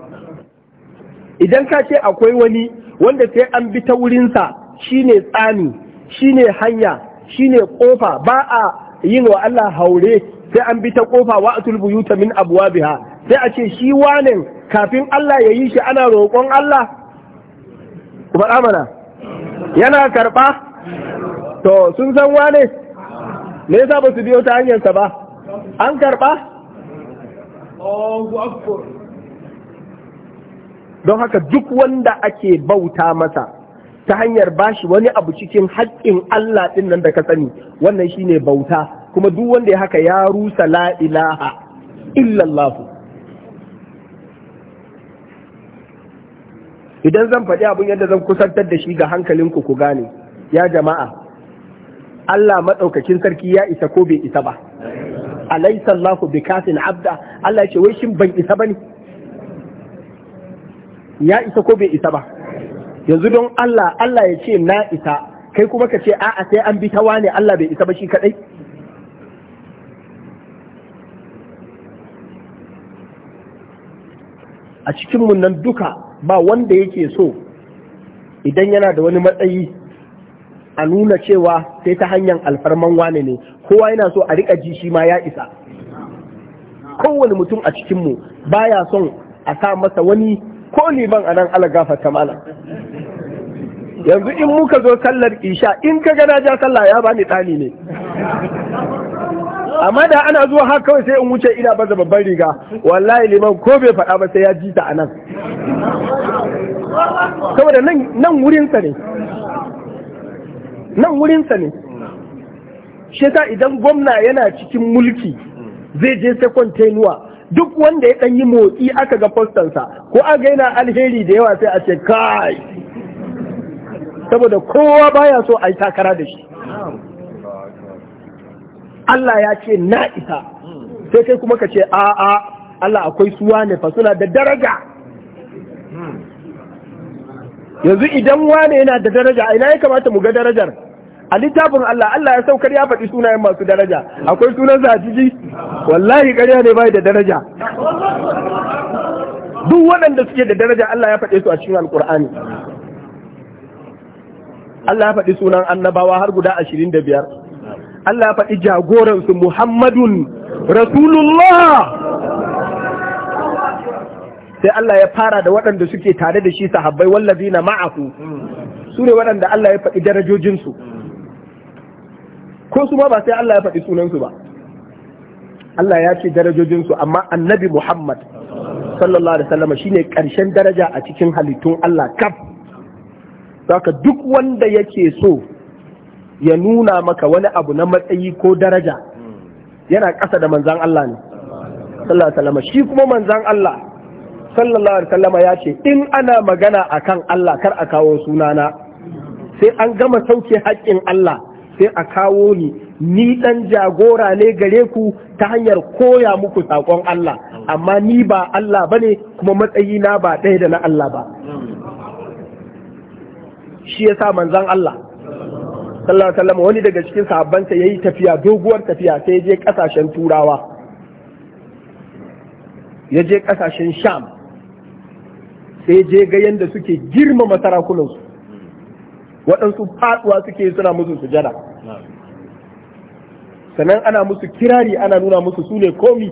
idan ka ce akwai wani wanda sai an bi ta wurinsa shine tsani shine hanya shine kofa ba a yin wa Allah haure sai an bi ta kofa wa atul buyuta min abwabiha sai a ce shi wanen kafin Allah ya yi shi ana roƙon Allah ku faɗa mana yana karɓa to sun san wane me yasa ba su biyo ta hanyarsa ba an karɓa don haka duk wanda ake bauta masa ta hanyar bashi wani abu cikin haƙƙin Allah ɗin nan da ka sani wannan shine bauta kuma duk wanda ya haka ya rusa la ilaha idan zan faɗi abin yadda zan kusantar da shi ga hankalinku ku gane ya jama'a Allah maɗaukakin sarki ya isa ko bai isa ba alaysa Allahu bikasin abda Allah ya ce wai shin ban isa ne ya isa ko bai isa ba yanzu don Allah Allah ya ce na isa kai kuma ka ce a'a sai an bi ta wane Allah bai isa ba shi kadai a cikinmu nan duka ba wanda yake so idan yana da wani matsayi a nuna cewa sai ta hanyar alfarman wane ne kowa yana so a riƙa ji shi ma ya isa kowane mutum a cikinmu baya son a sa masa wani ko liman a nan alagafa ta mana yanzu in muka zo sallar isha in ka gana ja sallah ya bani ɗani ne amma da ana zuwa haka kawai sai in wuce ina baza babban riga wallahi liman ko bai faɗa ba sai ya ji ta saboda nan wurinsa ne nan sa ne shi idan gwamna yana cikin mulki zai je sai kwantenuwa duk wanda ya ɗan motsi aka ga fostansa ko aga yana alheri da yawa sai a ce kai saboda kowa baya so a yi takara da shi Allah ya ce na isa sai kai kuma ka ce a'a Allah akwai suwa ne fa suna da daraja yanzu idan wane yana da daraja ina ya kamata mu ga darajar a littafin Allah Allah ya saukar ya faɗi sunayen masu daraja akwai sunan zajiji wallahi ƙarya ne bai da daraja duk waɗanda suke da daraja Allah ya faɗe su a cikin alƙur'ani Allah ya faɗi sunan annabawa har guda ashirin da biyar Allah faɗi jagoransu Muhammadun Rasulullah sai Allah ya fara da waɗanda suke tare da shi sahabbai wallazi na ma'aku su ne waɗanda Allah ya faɗi darajojinsu ko su ma ba sai Allah ya faɗi sunansu ba Allah ya ce darajojinsu amma annabi Muhammad sallallahu alaihi wasallam shine ƙarshen daraja a cikin halittun Allah kaf saka duk wanda yake so ya nuna maka wani abu na matsayi ko daraja yana ƙasa da manzan Allah ne sallallahu alaihi shi kuma manzan Allah sallallahu alaihi wasallam ya ce in ana magana akan Allah kar a kawo sunana sai an gama sauke haƙƙin Allah sai a kawo ni ni ɗan jagora ne gare ku ta hanyar koya muku saƙon Allah amma ni ba Allah bane kuma matsayi na ba ɗaya da na Allah ba shi yasa manzan Allah sallallahu alaihi wasallam wani daga cikin sahabbansa yayi tafiya doguwar tafiya sai ya je kasashen turawa ya je kasashen sham sai je ga yanda suke girmama sarakunansu waɗansu faɗuwa suke suna musu sujada sannan ana musu kirari ana nuna musu sune komi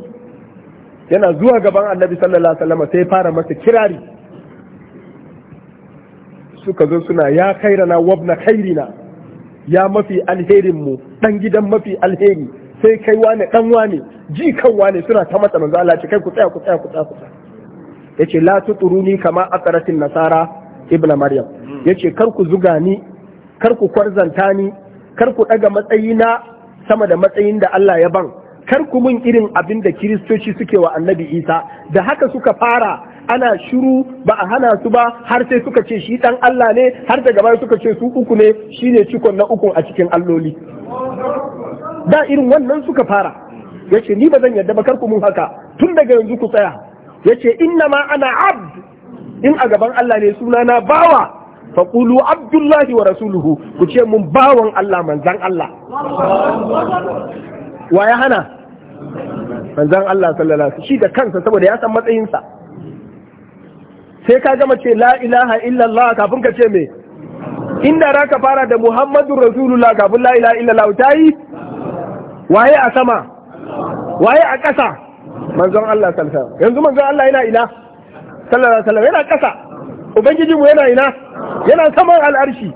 yana zuwa gaban annabi sallallahu alaihi wasallam sai fara masa kirari suka zo suna ya kairana wabna kairina ya mafi alherin mu dan gidan mafi alheri sai kai wane dan wane ji kan wane suna ta masa manzo Allah kai ku tsaya ku tsaya ku tsaya ku tsaya yace la tuturuni kama akaratin nasara ibnu maryam yace kar ku zuga ni kar ku kwarzanta ni kar ku daga matsayina sama da matsayin da Allah ya ban kar ku mun irin abin da kiristoci suke wa annabi isa da haka suka fara ana shiru ba a hana su ba har sai suka ce shi dan Allah ne har daga baya suka ce su uku ne shine cikon na uku a cikin alloli da irin wannan suka fara yace ni ba zan yarda ba kar ku mun haka tun daga yanzu ku tsaya yace inna ma ana abd in a gaban Allah ne suna na bawa faƙulu abdullahi wa rasuluhu ku ce mun bawan Allah manzan Allah wa ya hana manzon Allah sallallahu alaihi wasallam shi da kansa saboda ya san matsayinsa sai ka gama ce la ilaha illallah kafin ka ce me inda za ka fara da Muhammadu rasulullah kafin la ilaha illallah ta yi waye a sama waye a ƙasa manzon Allah sallallahu yanzu manzon Allah yana ina sallallahu alaihi wasallam yana ƙasa ubangiji mu yana ina yana saman al'arshi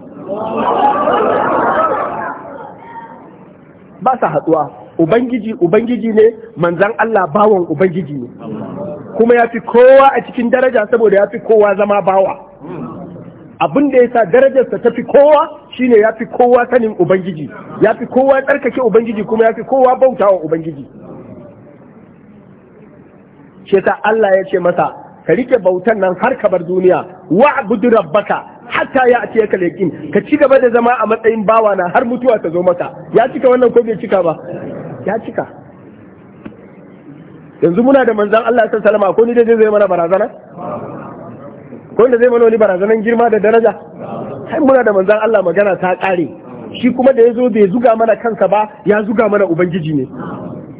ba sa haɗuwa ubangiji ubangiji ne manzan Allah bawan ubangiji ne kuma ya fi kowa a cikin daraja saboda ya fi kowa zama bawa abin da ya sa darajarsa ta fi kowa shine ya fi kowa sanin ubangiji ya fi kowa tsarkake ubangiji kuma ya fi kowa bautawa ubangiji shi Allah ya ce masa ka rike bautan nan har ka bar duniya wa'budu rabbaka hatta ya ce ka ka ci gaba da zama a matsayin bawa na har mutuwa ta zo maka ya cika wannan ko bai cika ba ya cika yanzu muna da manzan Allah sallallahu salama ko ni dai zai mana barazana ko da zai mana wani barazanan girma da daraja sai muna da manzan Allah magana ta kare shi kuma da yazo bai zuga mana kansa ba ya zuga mana ubangiji ne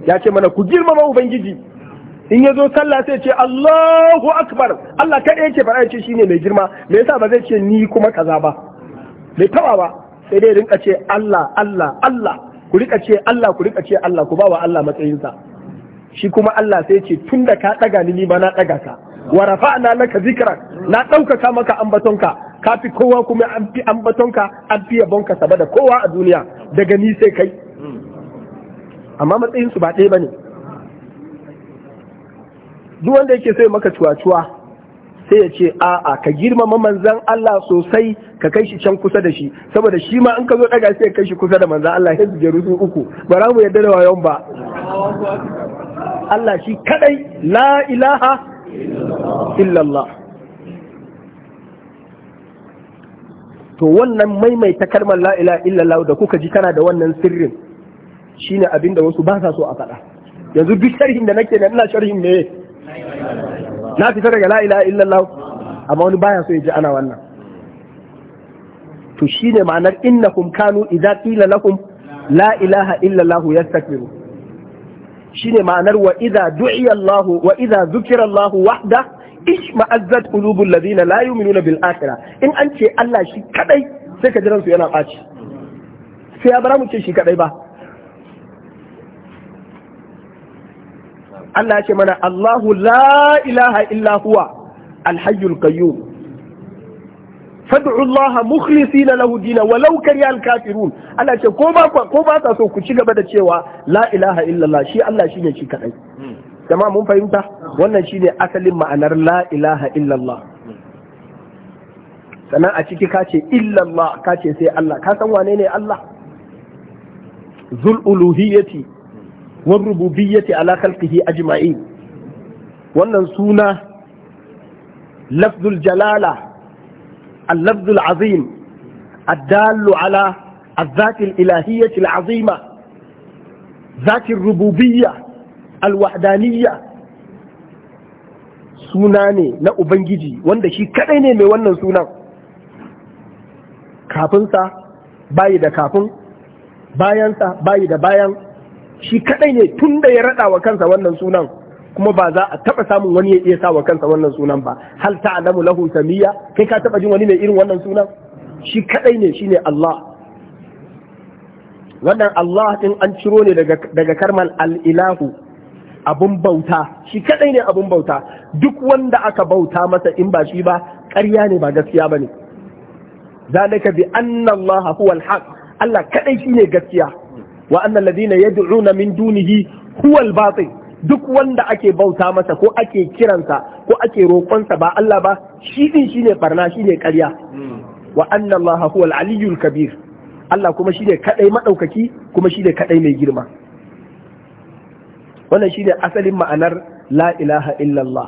ya ce mana ku girmama ubangiji in yazo sallah sai ce Allahu akbar Allah kaɗai yake fara ce shine mai girma me yasa ba zai ce ni kuma kaza ba bai taba ba sai dai rinka ce Allah Allah Allah ku rika ce Allah ku rika ce Allah ku bawa Allah matsayinsa shi kuma Allah sai ce tun da ka daga ni ni ma na daga ka wa rafa'na laka zikrak na ɗaukaka maka ambatonka ka fi kowa kuma an fi ambatonka an fi yabonka saba da kowa a duniya daga ni sai kai amma matsayinsu ba ɗaya bane duk wanda yake sai maka cuwa-cuwa sai ya ce a'a ka girmama manzan Allah sosai ka kai shi can kusa da shi saboda shi ma in ka zo daga sai ka kai shi kusa da manzan Allah ya su rusu uku ba za mu yarda da wayon ba Allah shi kadai la ilaha illallah to wannan maimaita kalmar la ilaha illallah da kuka ji kana da wannan sirrin shine abinda wasu ba sa so a faɗa yanzu duk sharhin da nake na ina sharhin ne na fita daga la ilaha illallah amma wani baya so ya ji ana wannan to ne ma'anar innakum kanu idza qila lakum la ilaha illallah yastakbiru shine ma'anar wa idza du'iya Allah wa idza dhukira Allah wahda ishma'azzat qulubul ladina la yu'minuna bil akhirah in an ce Allah shi kadai sai ka ji yana ɓaci sai ya bara mu ce shi kadai ba Allah ya ce mana Allahu la ilaha illa huwa alhayyul qayyum fad'u Allah mukhlisina lahu dina walau kariya kafirun. Allah ce ko ba ko ba so ku ci gaba da cewa la ilaha illa Allah shi Allah ne shi kadai jama'a mun fahimta wannan shine asalin ma'anar la ilaha illa Allah sannan a ciki kace Allah kace sai Allah ka san wane ne Allah zul uluhiyyati wan rububiyyati ala a jima'i. wannan suna lafzul jalala al-lafzul azim addalu ala al-zatil ilahiyyati al-azima zatil rububiyya al-wahdaniyya suna ne na ubangiji wanda shi kadai ne mai wannan sunan kafinsa bayi da kafin bayansa bayi da bayan shi kadai ne tun da ya rada wa kansa wannan sunan kuma ba za a taba samun wani ya iya sa wa kansa wannan sunan ba hal ta'lamu lahu samiya kai ka taba jin wani mai irin wannan sunan shi kadai ne shine Allah wannan Allah din an ciro ne daga daga karman al-ilahu abun bauta shi kadai ne abun bauta duk wanda aka bauta masa in ba shi ba ƙarya ne ba gaskiya bane zalika bi anna Allah huwa al Allah kadai shine gaskiya wa annal ladina yad'una min dunihi huwal batil duk wanda ake bauta masa ko ake kiransa ko ake roƙonsa ba Allah ba shi din shine barna shine ƙarya wa anna Allah huwal aliyyul kabir Allah kuma shine kadai madaukaki kuma shine kadai mai girma wannan shine asalin ma'anar la ilaha illallah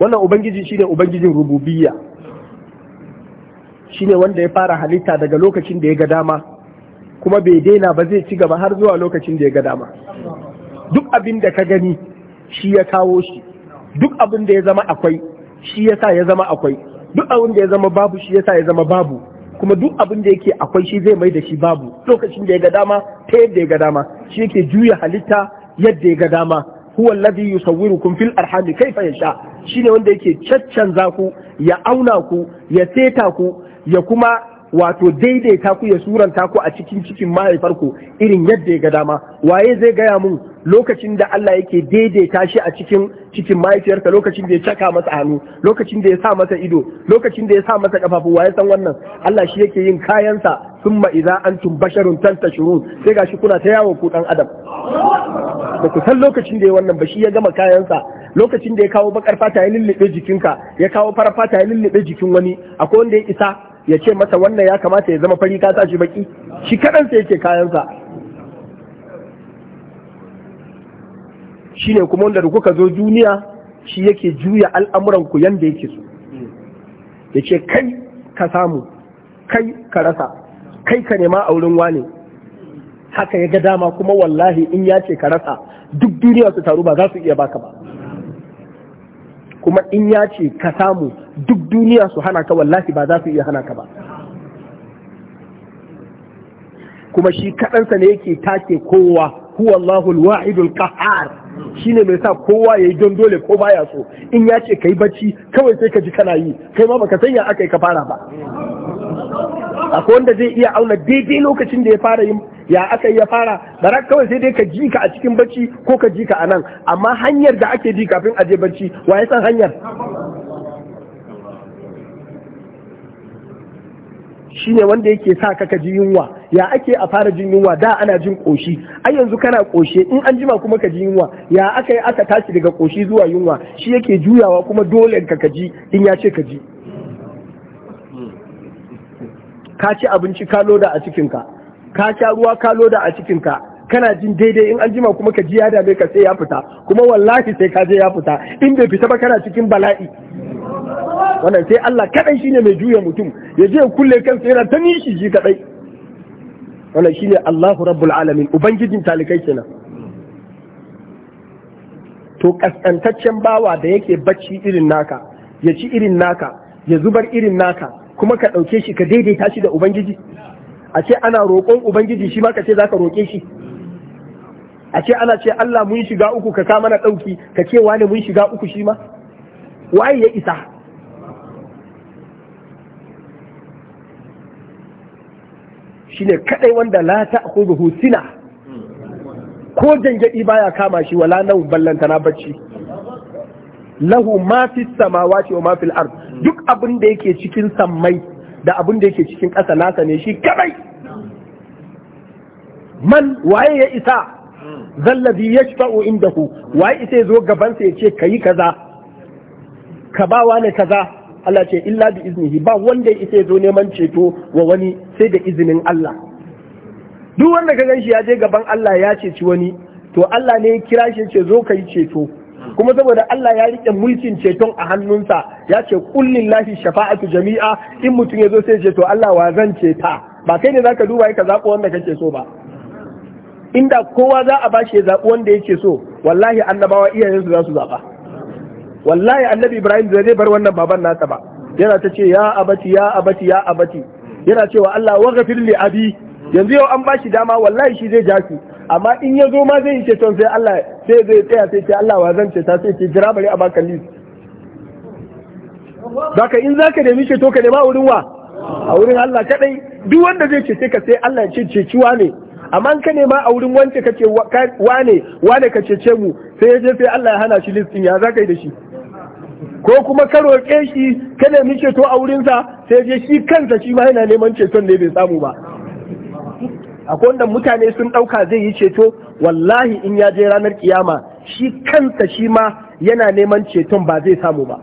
wannan ubangiji shine ubangijin rububiyya shine wanda ya fara halitta daga lokacin da ya ga dama kuma bai daina ba zai ci gaba har zuwa lokacin da ya ga dama duk abin da ka gani shi ya kawo shi duk abin da ya zama akwai shi ya sa ya zama akwai duk abin da ya zama babu shi ya sa ya zama babu kuma duk abin da yake akwai shi zai mai da shi babu lokacin da ya ga dama ta yadda ya ga dama shi yake juya halitta yadda ya ga dama huwa alladhi yusawwirukum fil arhami kayfa yasha shine wanda yake caccanza ku ya auna ku ya seta ku ya kuma wato daidaita ku ya suranta ku a cikin cikin mahaifarku irin yadda ya ga dama waye zai gaya mun lokacin da Allah yake daidaita shi a cikin cikin mahaifiyarsa lokacin da ya caka masa hannu lokacin da ya sa masa ido lokacin da ya sa masa kafafu waye san wannan Allah shi yake yin kayansa summa idza antum basharun tantashuru sai gashi kuna ta yawo ku dan adam ba ku san lokacin da ya wannan ba shi ya gama kayansa lokacin da ya kawo bakar fata ya lullube jikinka ya kawo fara fata ya lullube jikin wani akwai wanda ya isa ya ce masa wannan ya kamata ya zama fari ka sa shi baki shi kaɗansa yake kayansa shi ne kuma wanda da kuka zo duniya shi yake juya al'amuranku yadda yake so ya ce kai ka samu kai ka rasa kai ka nema a wurin wane haka ya ga dama kuma wallahi in ya ce ka rasa duk duniya su taru ba za su iya baka ba kuma in ya ce ka samu duk duniya su hana ka wallahi ba za su iya hana ka ba kuma shi kaɗansa ne yake take kowa huwa Allahul wa'idul qahar shine mai sa kowa ya yi don dole ko baya so in ya ce yi bacci kawai sai ka ji kana yi kai ma baka sanya aka yi ka fara ba akwai wanda zai iya auna daidai lokacin da ya fara yin ya aka ya fara bara kawai sai dai ka ji ka a cikin bacci ko ka ji ka a nan amma hanyar da ake ji kafin aje je bacci wa ya san hanyar Shi ne wanda yake sa ka ji yunwa ya ake a fara jin yunwa da ana jin koshi ai yanzu kana koshe in an jima kuma ka ji yunwa ya aka yi aka tashi daga koshi zuwa yunwa shi yake juyawa kuma dole ka ka ji in ya ce ka ji ka ci abinci ka loda a cikinka ka sha ruwa ka loda a cikin ka kana jin daidai in an jima kuma ka ji ya dame ka sai ya fita kuma wallahi sai ka je ya fita in bai fita ba kana cikin bala'i wannan sai Allah kadai shine mai juya mutum ya je kulle kansa yana ta nishi shi kadai wannan shine Allahu rabbul alamin ubangijin talikai kenan to kaskantaccen bawa da yake bacci irin naka ya ci irin naka ya zubar irin naka kuma ka ɗauke shi ka daidaita shi da ubangiji a ce ana roƙon ubangiji shi ma ka ce zaka roƙe shi a ce ana ce Allah mun shiga uku ka mana ɗauki ka ce wane mun shiga uku shi ma waye ya isa Shi ne kadai wanda la ta'khudhu Husina ko jangadi baya kama shi wala nau ballanta na bacci lahu ma samawa ce wa ma fil ard duk abin da yake cikin sammai da abin da yake cikin ƙasa nasa ne shi kamai man waye ya isa zallabi fa’o inda ku? waye isa ya zo gabansa ya ce ka yi kaza ka ba wani kaza Allah ce illa bi iznihi ba wanda ya isa zo neman ceto wa wani sai da izinin Allah duk wanda ka gan shi ya je gaban Allah ya ceci wani to Allah ne ya kira shi ce zo ka yi ceto kuma saboda Allah ya rike mulkin ceton a hannunsa ya ce ƙullin lahi shafa'atu jami'a in mutum ya zo sai ce to Allah wa zan ceta ba kai ne zaka duba ka zaɓi wanda kake so ba inda kowa za a bashi ya zaɓi wanda yake so wallahi annabawa iyayensu za su zaɓa wallahi annabi Ibrahim zai bar wannan baban nasa ba yana ta ce ya abati ya abati ya abati yana cewa Allah waghfir li abi yanzu yau an ba shi dama wallahi shi zai jaki amma in ya zo ma zai yi ceton sai Allah sai zai tsaya sai ce Allah wa zan ceta sai ce jira bari a baka lis baka in zaka nemi ceto ka nema wurin wa a wurin Allah kadai duk wanda zai cece ka sai Allah ya ce ceciwa ne amma ka nema a wurin wance kace wane wane ka cece mu sai ya je sai Allah ya hana shi lis din ya zaka yi da shi ko kuma ka roƙe shi ka nemi ceto a wurinsa sai je shi kansa shi ma yana neman ceton ne bai samu ba akwai wanda mutane sun ɗauka zai yi ceto wallahi in ya je ranar kiyama shi kansa shi ma yana neman ceton ba zai samu ba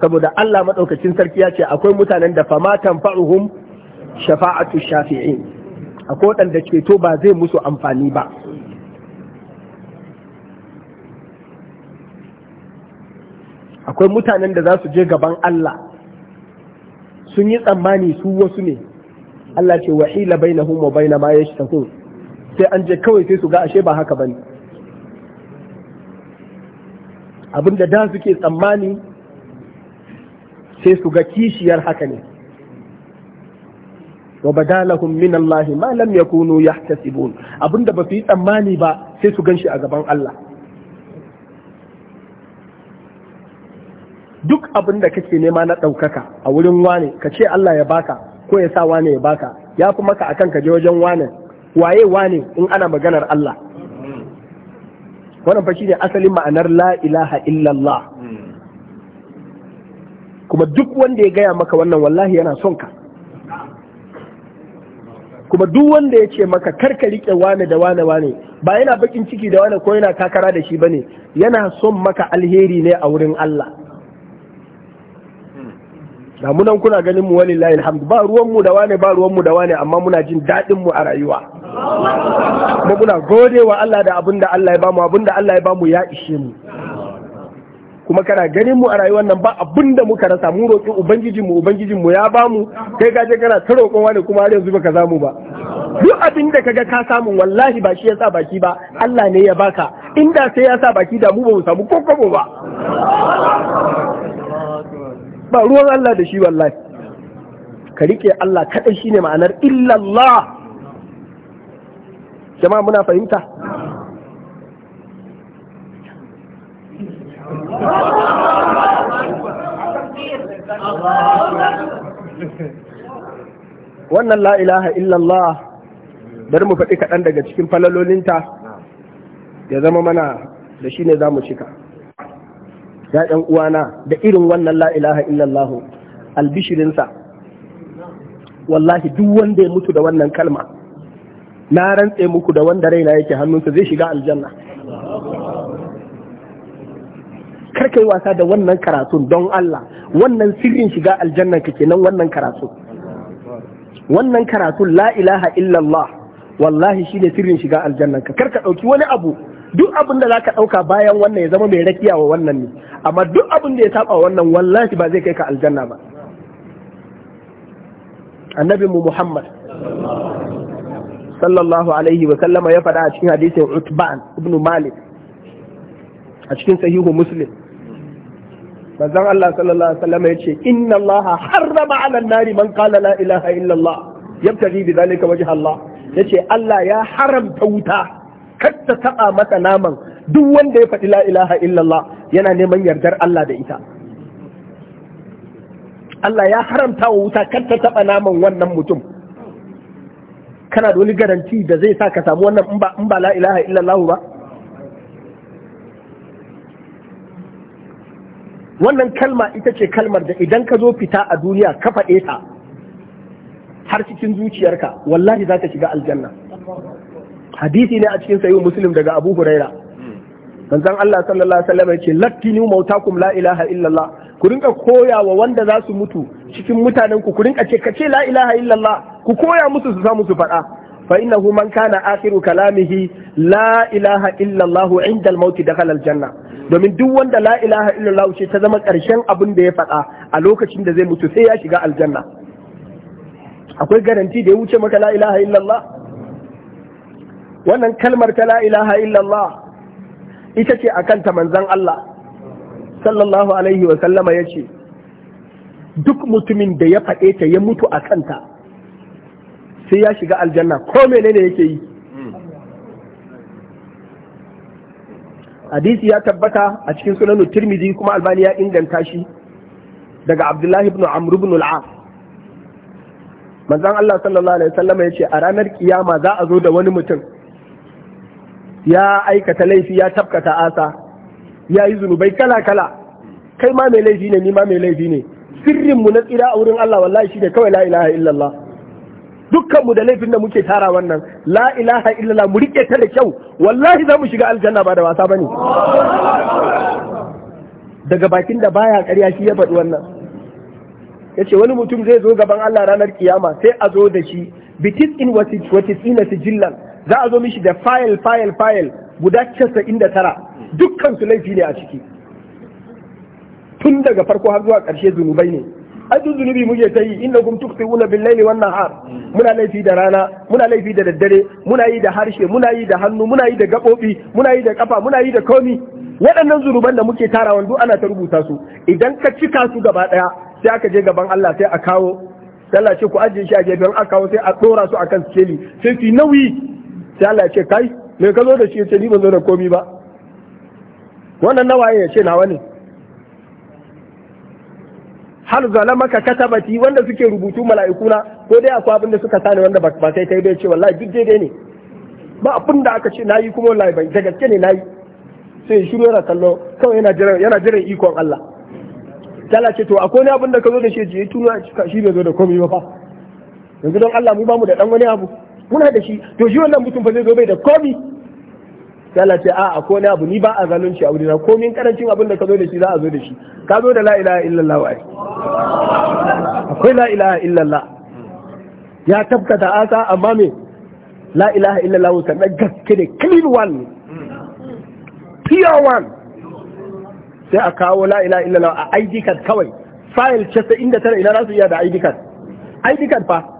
saboda Allah maɗaukacin sarki ya ce akwai mutanen da fama tanfa'uhum shafa'atu shafi'in akwai waɗanda ceto ba zai musu amfani ba akwai mutanen da za su je gaban Allah sun yi tsammani su wasu ne Allah ce wahila bainahum wa baina ma yashtahun sai an je kawai sai su ga ashe ba haka bane abinda da suke tsammani sai su ga kishiyar haka ne wa badalahum min Allah ma lam yakunu yahtasibun abinda ba su yi tsammani ba sai su ganshi a gaban Allah duk abin da kake nema na ɗaukaka a wurin wane ka ce Allah ya baka ko ya sa wane ya baka ya fi maka akan ka je wajen wane waye wane in ana maganar Allah wannan shi ne asalin ma'anar la ilaha illallah kuma duk wanda ya gaya maka wannan wallahi yana son ka kuma duk wanda ya ce maka karka rike wane da wane wane ba yana bakin ciki da wane ko yana kakara da shi bane yana son maka alheri ne a wurin Allah da munan kuna ganin mu wani alhamdu ba ba ruwanmu da wane ba ruwanmu da wane amma muna jin daɗin mu a rayuwa kuma muna gode wa Allah da abinda Allah ya bamu mu abinda Allah ya bamu ya ishe mu kuma kana ganin mu a rayuwar nan ba abinda muka rasa mu roƙi ubangiji mu ubangiji mu ya bamu kai ka je kana ta roƙon wani kuma har yanzu baka samu ba duk abin da kaga ka samu wallahi ba shi ya sa baki ba Allah ne ya baka inda sai ya sa baki da mu ba mu samu ko ba ba ruwan Allah da shi wallahi ka rike Allah kaɗai shine ma'anar illallah jama'a muna fahimta wannan la'ilaha ilaha illallah bari mu faɗi kaɗan daga cikin falalolinta ya zama mana da shi ne za mu cika ya ɗan uwana da irin wannan la ilaha illallah albishirinsa wallahi duk wanda ya mutu da wannan kalma na rantse muku da wanda raina yake hannunsa zai shiga aljanna karkai wasa da wannan karatun don Allah wannan sirrin shiga aljannan ka kenan wannan karatun wannan karatun la ilaha illallah wallahi shine sirrin shiga aljannan ka karka dauki wani abu duk abin da zaka dauka bayan wannan ya zama mai rakiya wa wannan ne amma duk abin da ya saba wannan wallahi ba zai kai ka aljanna ba annabi mu muhammad sallallahu alaihi wa sallama ya faɗa a cikin hadisin utban ibn malik a cikin sahihu muslim manzon Allah sallallahu alaihi wa sallama ce, inna Allah harrama 'ala nari man qala la ilaha illa Allah yabtaghi bi dhalika wajha Allah yace Allah ya haramta wuta ta taɓa masa naman duk wanda ya faɗi la illallah yana neman yardar Allah da ita Allah ya haramta wa wuta kar ta taɓa naman wannan mutum kana da wani garanti da zai sa ka samu wannan in ba la illallah ba wannan kalma ita ce kalmar da idan ka zo fita a duniya ka faɗe ta har cikin zuciyarka wallahi za ta shiga aljanna hadisi ne a cikin sayi muslim daga abu huraira manzon Allah sallallahu alaihi wasallam yace lattinu mautakum la ilaha illallah ku rinka koya wanda za su mutu cikin mutanen ku ku rinka ce kace la ilaha illallah ku koya musu su samu su faɗa fa innahu man kana akhiru kalamihi la ilaha illallah inda al-maut dakhala al-janna domin duk wanda la ilaha illallah ce ta zama karshen abin da ya faɗa a lokacin da zai mutu sai ya shiga aljanna akwai garanti da ya wuce maka la ilaha illallah wannan kalmar ta la ilaha illallah ita ce a kanta manzan Allah sallallahu alaihi wa sallama ya ce duk mutumin da ya faɗe ta ya mutu a kanta sai ya shiga aljanna ko menene yake yi hadisi ya tabbata a cikin sunanu tirmidhi kuma albani ya inganta shi daga abdullahi ibn amr ibn al-as manzon Allah sallallahu alaihi wasallam ya ce a ranar kiyama za a zo da wani mutum ya aikata laifi ya tabkata asa ya yi zunubai kala kala kai ma mai laifi ne ni ma mai laifi ne sirrinmu na tsira a wurin Allah wallahi shi ne kawai la ilaha illallah dukkanmu da laifin da muke tara wannan la ilaha illallah mu rike ta da kyau wallahi za mu shiga aljanna ba da wasa bane daga bakin da baya ƙarya shi ya faɗi wannan yace wani mutum zai zo gaban Allah ranar kiyama sai a zo da shi bitis in wasit watis ina sijillan za a zo mishi da fayil fayil fayil guda casa'in da tara dukkan su laifi ne a ciki tun daga farko har zuwa ƙarshe zunubai ne An zunubi muke ta yi inda kum wuna, bin laili wannan har. Hmm. muna laifi da rana muna laifi da daddare muna yi da harshe muna yi da hannu muna yi da gabobi muna yi da kafa muna yi da komi waɗannan zunuban da muke tara wanzu ana ta rubuta su idan ka cika su gaba ɗaya sai aka je gaban Allah sai a kawo sallah ce ku ajiye shi a gefen aka kawo sai a ɗora su akan sikeli sai su nauyi sai Allah ya ce kai me ka zo da shi ya ce ni ban zo da komi ba wannan nawaye ya ce nawa ne hal zalamaka katabati wanda suke rubutu mala'ikuna ko dai akwai abin da suka sani wanda ba sai kai bai ce wallahi duk daidai ne ba abin da aka ce nayi kuma wallahi bai da gaske ne nayi sai shiru yana kallo kawai yana jiran yana jiran ikon Allah Allah ce to akwai ne abin da ka zo da shi ya tuno shi bai zo da komai ba fa yanzu don Allah mu ba mu da dan wani abu muna da shi to shi wannan mutum fa zai zo bai da komi sai Allah ce a ko ne abu ni ba a zalunci a wurina komin karancin abin da ka zo da shi za a zo da shi ka zo da la ilaha illallah wai akwai la ilaha illallah ya a asa amma me la ilaha illallah sannan gaske da clean one pure one sai a kawo la ilaha illallah a ID card kawai file 99 ina za su iya da ID card ID card fa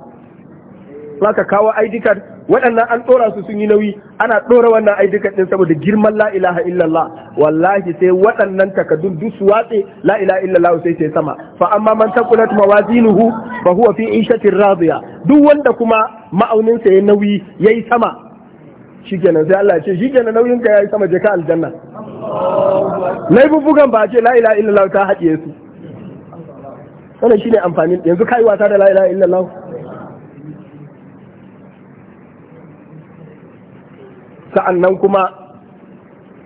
zaka kawo ID card waɗannan an ɗora su sun yi nauyi ana ɗora wannan ID card ɗin saboda girman la ilaha illallah wallahi sai waɗannan takaddun duk su watse la ilaha illallah sai sai sama fa amma man taqulat mawazinuhu fa huwa fi ishatin radiya duk wanda kuma ma'aunin sa ya nauyi yayi sama shikenan sai Allah ya ce shikenan nauyin ka yayi sama je ka aljanna laifukan ba ce la ilaha illallah ta haɗiye su wannan shine amfanin yanzu kai wasa da la ilaha illallah sa'annan kuma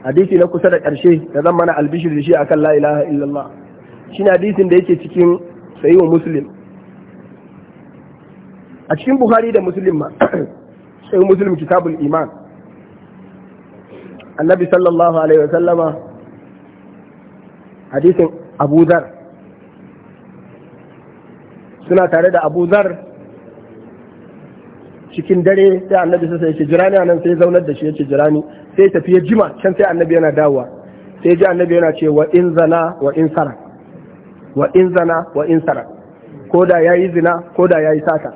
hadisi na kusa da ƙarshe da zan mana albishir da shi akan la ilaha illallah shine hadisin da yake cikin sahihu musulun, a cikin Buhari da musulun ma sahihu musulun kitabul iman annabi sallallahu alaihi wa sallama hadisin abu dhar suna tare da abu dhar cikin dare sai annabi sai ya ce jira ni anan sai zaunar da shi ya ce jira ni sai tafi ya jima can sai annabi yana dawowa sai ji annabi yana ce wa in zana wa in sara wa in zana wa in sara ko da yayi zina ko da yayi sata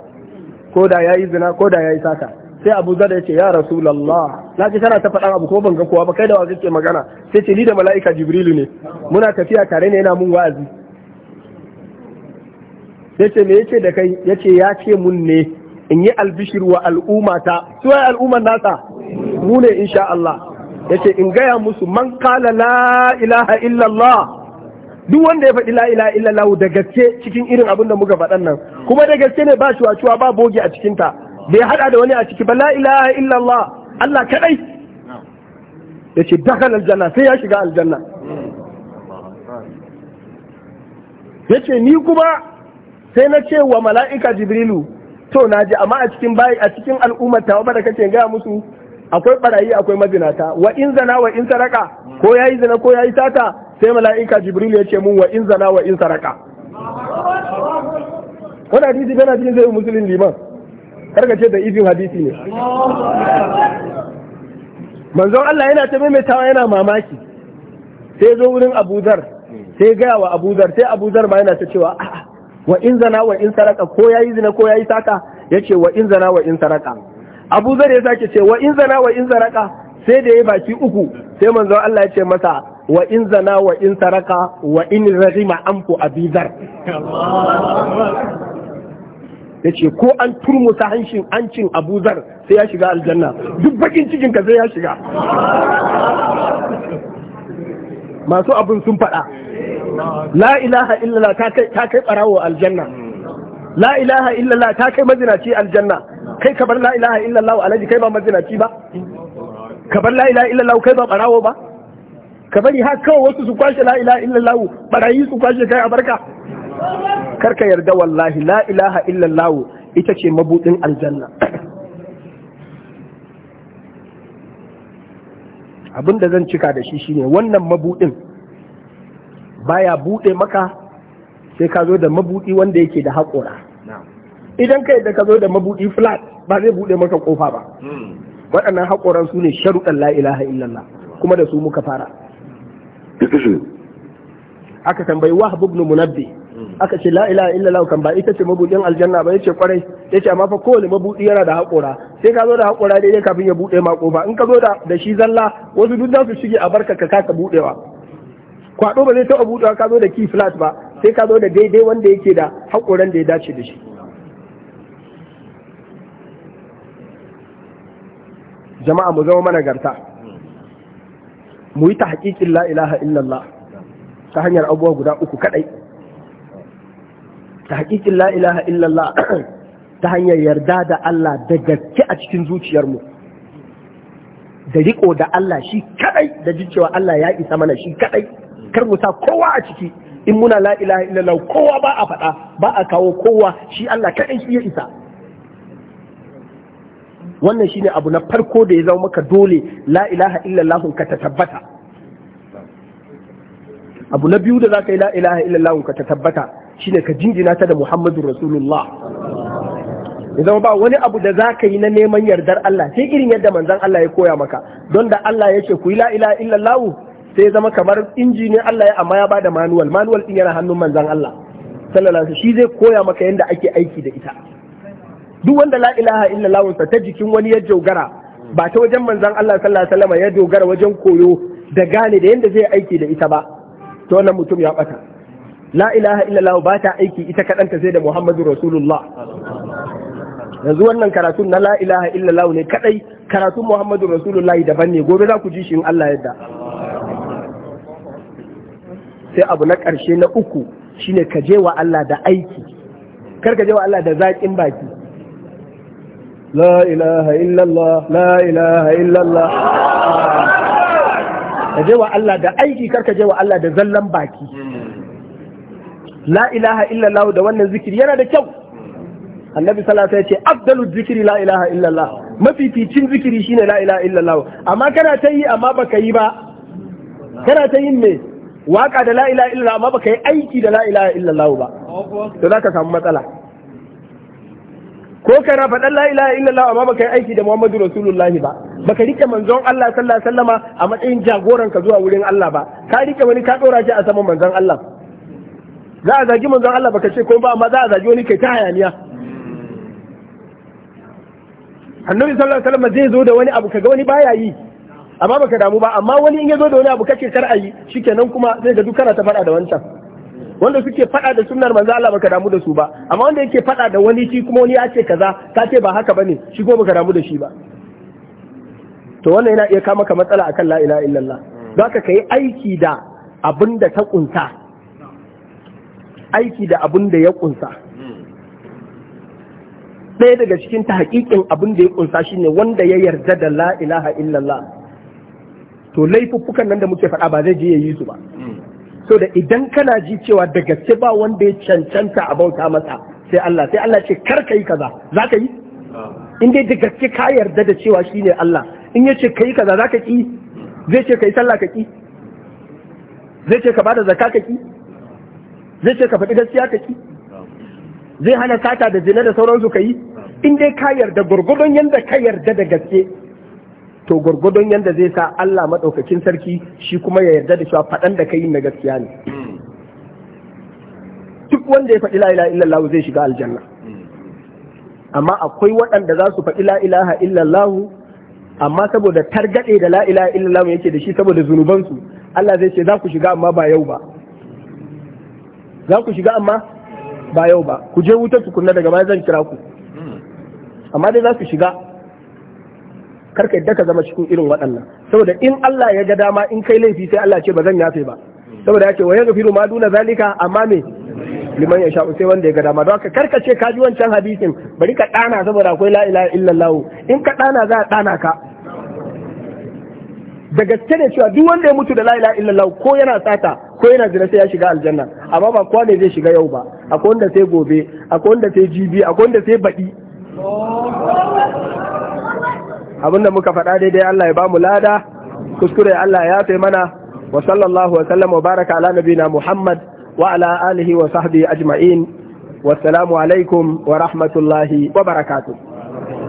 ko da yayi zina ko da yayi saka sai Abu Zar ya ce ya Rasulullah na ji tana ta faɗan abu ko ban ga kowa ba kai da wa kake magana sai ce ni da mala'ika Jibrilu ne muna tafiya tare ne yana mun wa'azi sai ce me yace da kai yace ya ce mun ne in yi albishir wa al'umata su wai al'umar nasa mu ne insha Allah Ya ce in gaya musu man kala la ilaha illallah duk wanda ya faɗi la ilaha illallah da gaske cikin irin abin da muka faɗan nan kuma da gaske ne ba shuwa ba bogi a cikinta bai haɗa da wani a ciki ba la ilaha illallah Allah kaɗai Ya ce dakal aljanna sai ya shiga aljanna Ya ce ni kuma sai na ce wa mala'ika jibrilu to na ji amma a cikin bai a cikin al'ummar ta da kake gaya musu akwai barayi akwai mazinata wa in zana wa in saraka ko yayi zina ko yayi sata sai mala'ika jibril ya ce mun wa in zana wa in saraka wani hadisi kana cikin sai musulun liman karka ce da ifin hadisi ne manzon Allah yana ta maimaitawa yana mamaki sai zo wurin abuzar sai gaya wa abuzar sai abuzar ma yana ta cewa a'a ah, wa in zana wa in saraka ko yayi zina ko yayi saka yace wa in zana wa in saraka Abu Zar ya sake ce wa in zana wa in saraka sai da ya baki uku sai manzo Allah ya ce masa wa in zana wa in saraka wa in ragima anfu Abi Zar yace ko an turmusa hancin hancin Abu Zar sai ya shiga aljanna duk bakin cikin ka sai ya shiga masu abin sun faɗa la ilaha illallah ta kai ɓarawo aljanna la ilaha illallah ta kai mazinaci aljanna kai ka bar la ilaha illallah alaji kai ba mazinaci ba ka bar la ilaha illallah kai ba ɓarawo ba ka bari har kawai wasu su kwashe la ilaha illallah barayi su kwashe kai a barka ka yarda wallahi la ilaha illallah ita ce mabudin aljanna abin da zan cika da shi shine wannan mabuɗin baya buɗe maka sai ka zo da mabuɗi wanda yake da haƙora idan ka da ka zo da mabuɗi flat ba zai buɗe maka ƙofa ba hmm. waɗannan haƙoran su ne sharuɗan la ilaha illallah kuma da su muka fara aka tambayi wahab ibn munabbi aka ce la ilaha illallah kan ba ita ce mabudin aljanna ba yace kwarai yace amma fa kowane mabudi yana da hakura sai ka zo da dai daidai kafin ya bude ma kofa in ka zo da da shi zalla wasu duk za su shige a barka ka kaka budewa kwado ba zai taɓa budewa ka zo da key flat ba sai ka zo da daidai wanda yake da hakuran da ya dace da shi jama'a mu zama managarta mu yi ta haƙiƙin la ilaha illallah ta hanyar abubuwa guda uku kadai. ta hakikin la'ilaha illallah ta hanyar yarda da Allah da gaske a cikin zuciyarmu da riƙo da Allah shi kadai da cewa Allah ya isa mana shi kadai kar mu sa kowa a ciki in muna la'ilaha illallah kowa ba a faɗa ba a kawo kowa shi Allah kadai shi ya isa wannan shi ne abu na farko da ya zama maka dole la'ilaha illallah ka ta tabbata abu na biyu da zaka yi la'ilaha illallah ka ta tabbata Shi ne ka jinjina ta da Muhammadu Rasulullah ya zama ba wani abu da za ka yi na neman yardar Allah sai irin yadda manzan Allah ya koya maka don da Allah ya ce ku yi la ila sai ya zama kamar inji Allah ya amma ya da manuwal manuwal din yana hannun manzan Allah sallallahu shi zai koya maka yadda ake aiki da ita duk wanda la ilaha illallah ta jikin wani ya dogara ba ta wajen manzan Allah sallallahu ya dogara wajen koyo da gane da yadda zai aiki da ita ba to wannan mutum ya bata la ilaha illallah ba ta aiki ita kaɗanta sai da muhammadu rasulullah yanzu wannan karatun na la ilaha illallah ne kadai karatun muhammadu rasulullah daban ne gobe za ku ji shi in Allah yadda sai abu na ƙarshe na uku shine ka je wa Allah da aiki kar ka je wa Allah da zaƙin baki la ilaha illallah la ilaha illallah ka je wa Allah da aiki kar ka je wa Allah da zallan baki la ilaha illallah da wannan zikiri yana da kyau annabi sallallahu alaihi wasallam ya ce afdalu zikiri la ilaha illallah mafificin zikiri shine la ilaha illallah amma kana ta yi amma baka yi ba kana ta yin me waka da la ilaha illallah amma baka yi aiki da la ilaha illallah ba to zaka samu matsala ko kana faɗan la ilaha illallah amma baka yi aiki da Muhammadu Rasulullah ba baka rike manzon Allah sallallahu alaihi wasallama a matsayin jagoranka zuwa wurin Allah ba ka rike wani ka dora shi a saman manzon Allah za a zagi manzon Allah baka ce kuma ba amma za a zagi wani kai ta hayaniya annabi sallallahu alaihi wasallam zai zo da wani abu kaga wani baya yi amma baka damu ba amma wani in ya zo da wani abu kake kar a yi shikenan kuma zai ga dukkan ta fada da wancan wanda suke fada da sunnar manzo Allah baka damu da su ba amma wanda yake fada da wani shi kuma wani ya ce kaza ka ce ba haka bane shi kuma baka damu da shi ba to wannan yana iya kama ka matsala akan la ilaha illallah zaka kai aiki da abin da ta kunta aiki da abin da ya kunsa ɗaya daga cikin ta haƙiƙin abin da ya kunsa ne wanda ya yarda da la ilaha illallah to laifuffukan nan da muke faɗa ba zai je ya yi su ba so da idan kana ji cewa da gaske ba wanda ya cancanta a bauta masa sai Allah sai Allah ce kar ka yi kaza za ka yi in dai da gaske ka yarda da cewa shi ne Allah in ya ce ka yi kaza za ka ki zai ce ka yi sallah ka ki zai ce ka bada zakka ka ki zai ce ka faɗi gaskiya ka ki zai hana sata da zina da sauransu ka yi in dai ka yarda gwargwadon yadda ka yarda da gaske to gwargwadon yadda zai sa Allah maɗaukakin sarki shi kuma ya yarda da cewa faɗan da ka yi na gaskiya ne duk wanda ya faɗi la illallah zai shiga aljanna amma akwai waɗanda za su faɗi la ilaha illallah amma saboda targaɗe da la ilaha illallah yake da shi saboda zunubansu Allah zai ce za ku shiga amma ba yau ba za ku shiga amma ba yau ba ku je wuta kunna daga baya zan kira ku amma dai za su shiga karka yadda ka zama cikin irin waɗannan saboda in Allah ya ga dama in kai laifi sai Allah ce ba zan yafe ba saboda ya ce wa yaghfiru ma duna zalika amma me liman ya sha'u sai wanda ya ga dama don haka karka ce ka ji wancan hadisin bari ka ɗana saboda akwai la ilaha illallah in ka ɗana za a ɗana ka da gaske ne cewa duk wanda ya mutu da la ilaha illallah ko yana sata ko yana jira sai ya shiga aljanna amma ba kowa ne zai shiga yau ba akwai wanda sai gobe akwai wanda sai jibi akwai wanda sai baɗi abin da muka faɗa daidai Allah ya bamu lada kuskure Allah ya fi mana wa sallallahu wa sallam wa baraka ala nabina Muhammad wa ala alihi wa sahbihi ajma'in wassalamu alaikum wa rahmatullahi wa barakatuh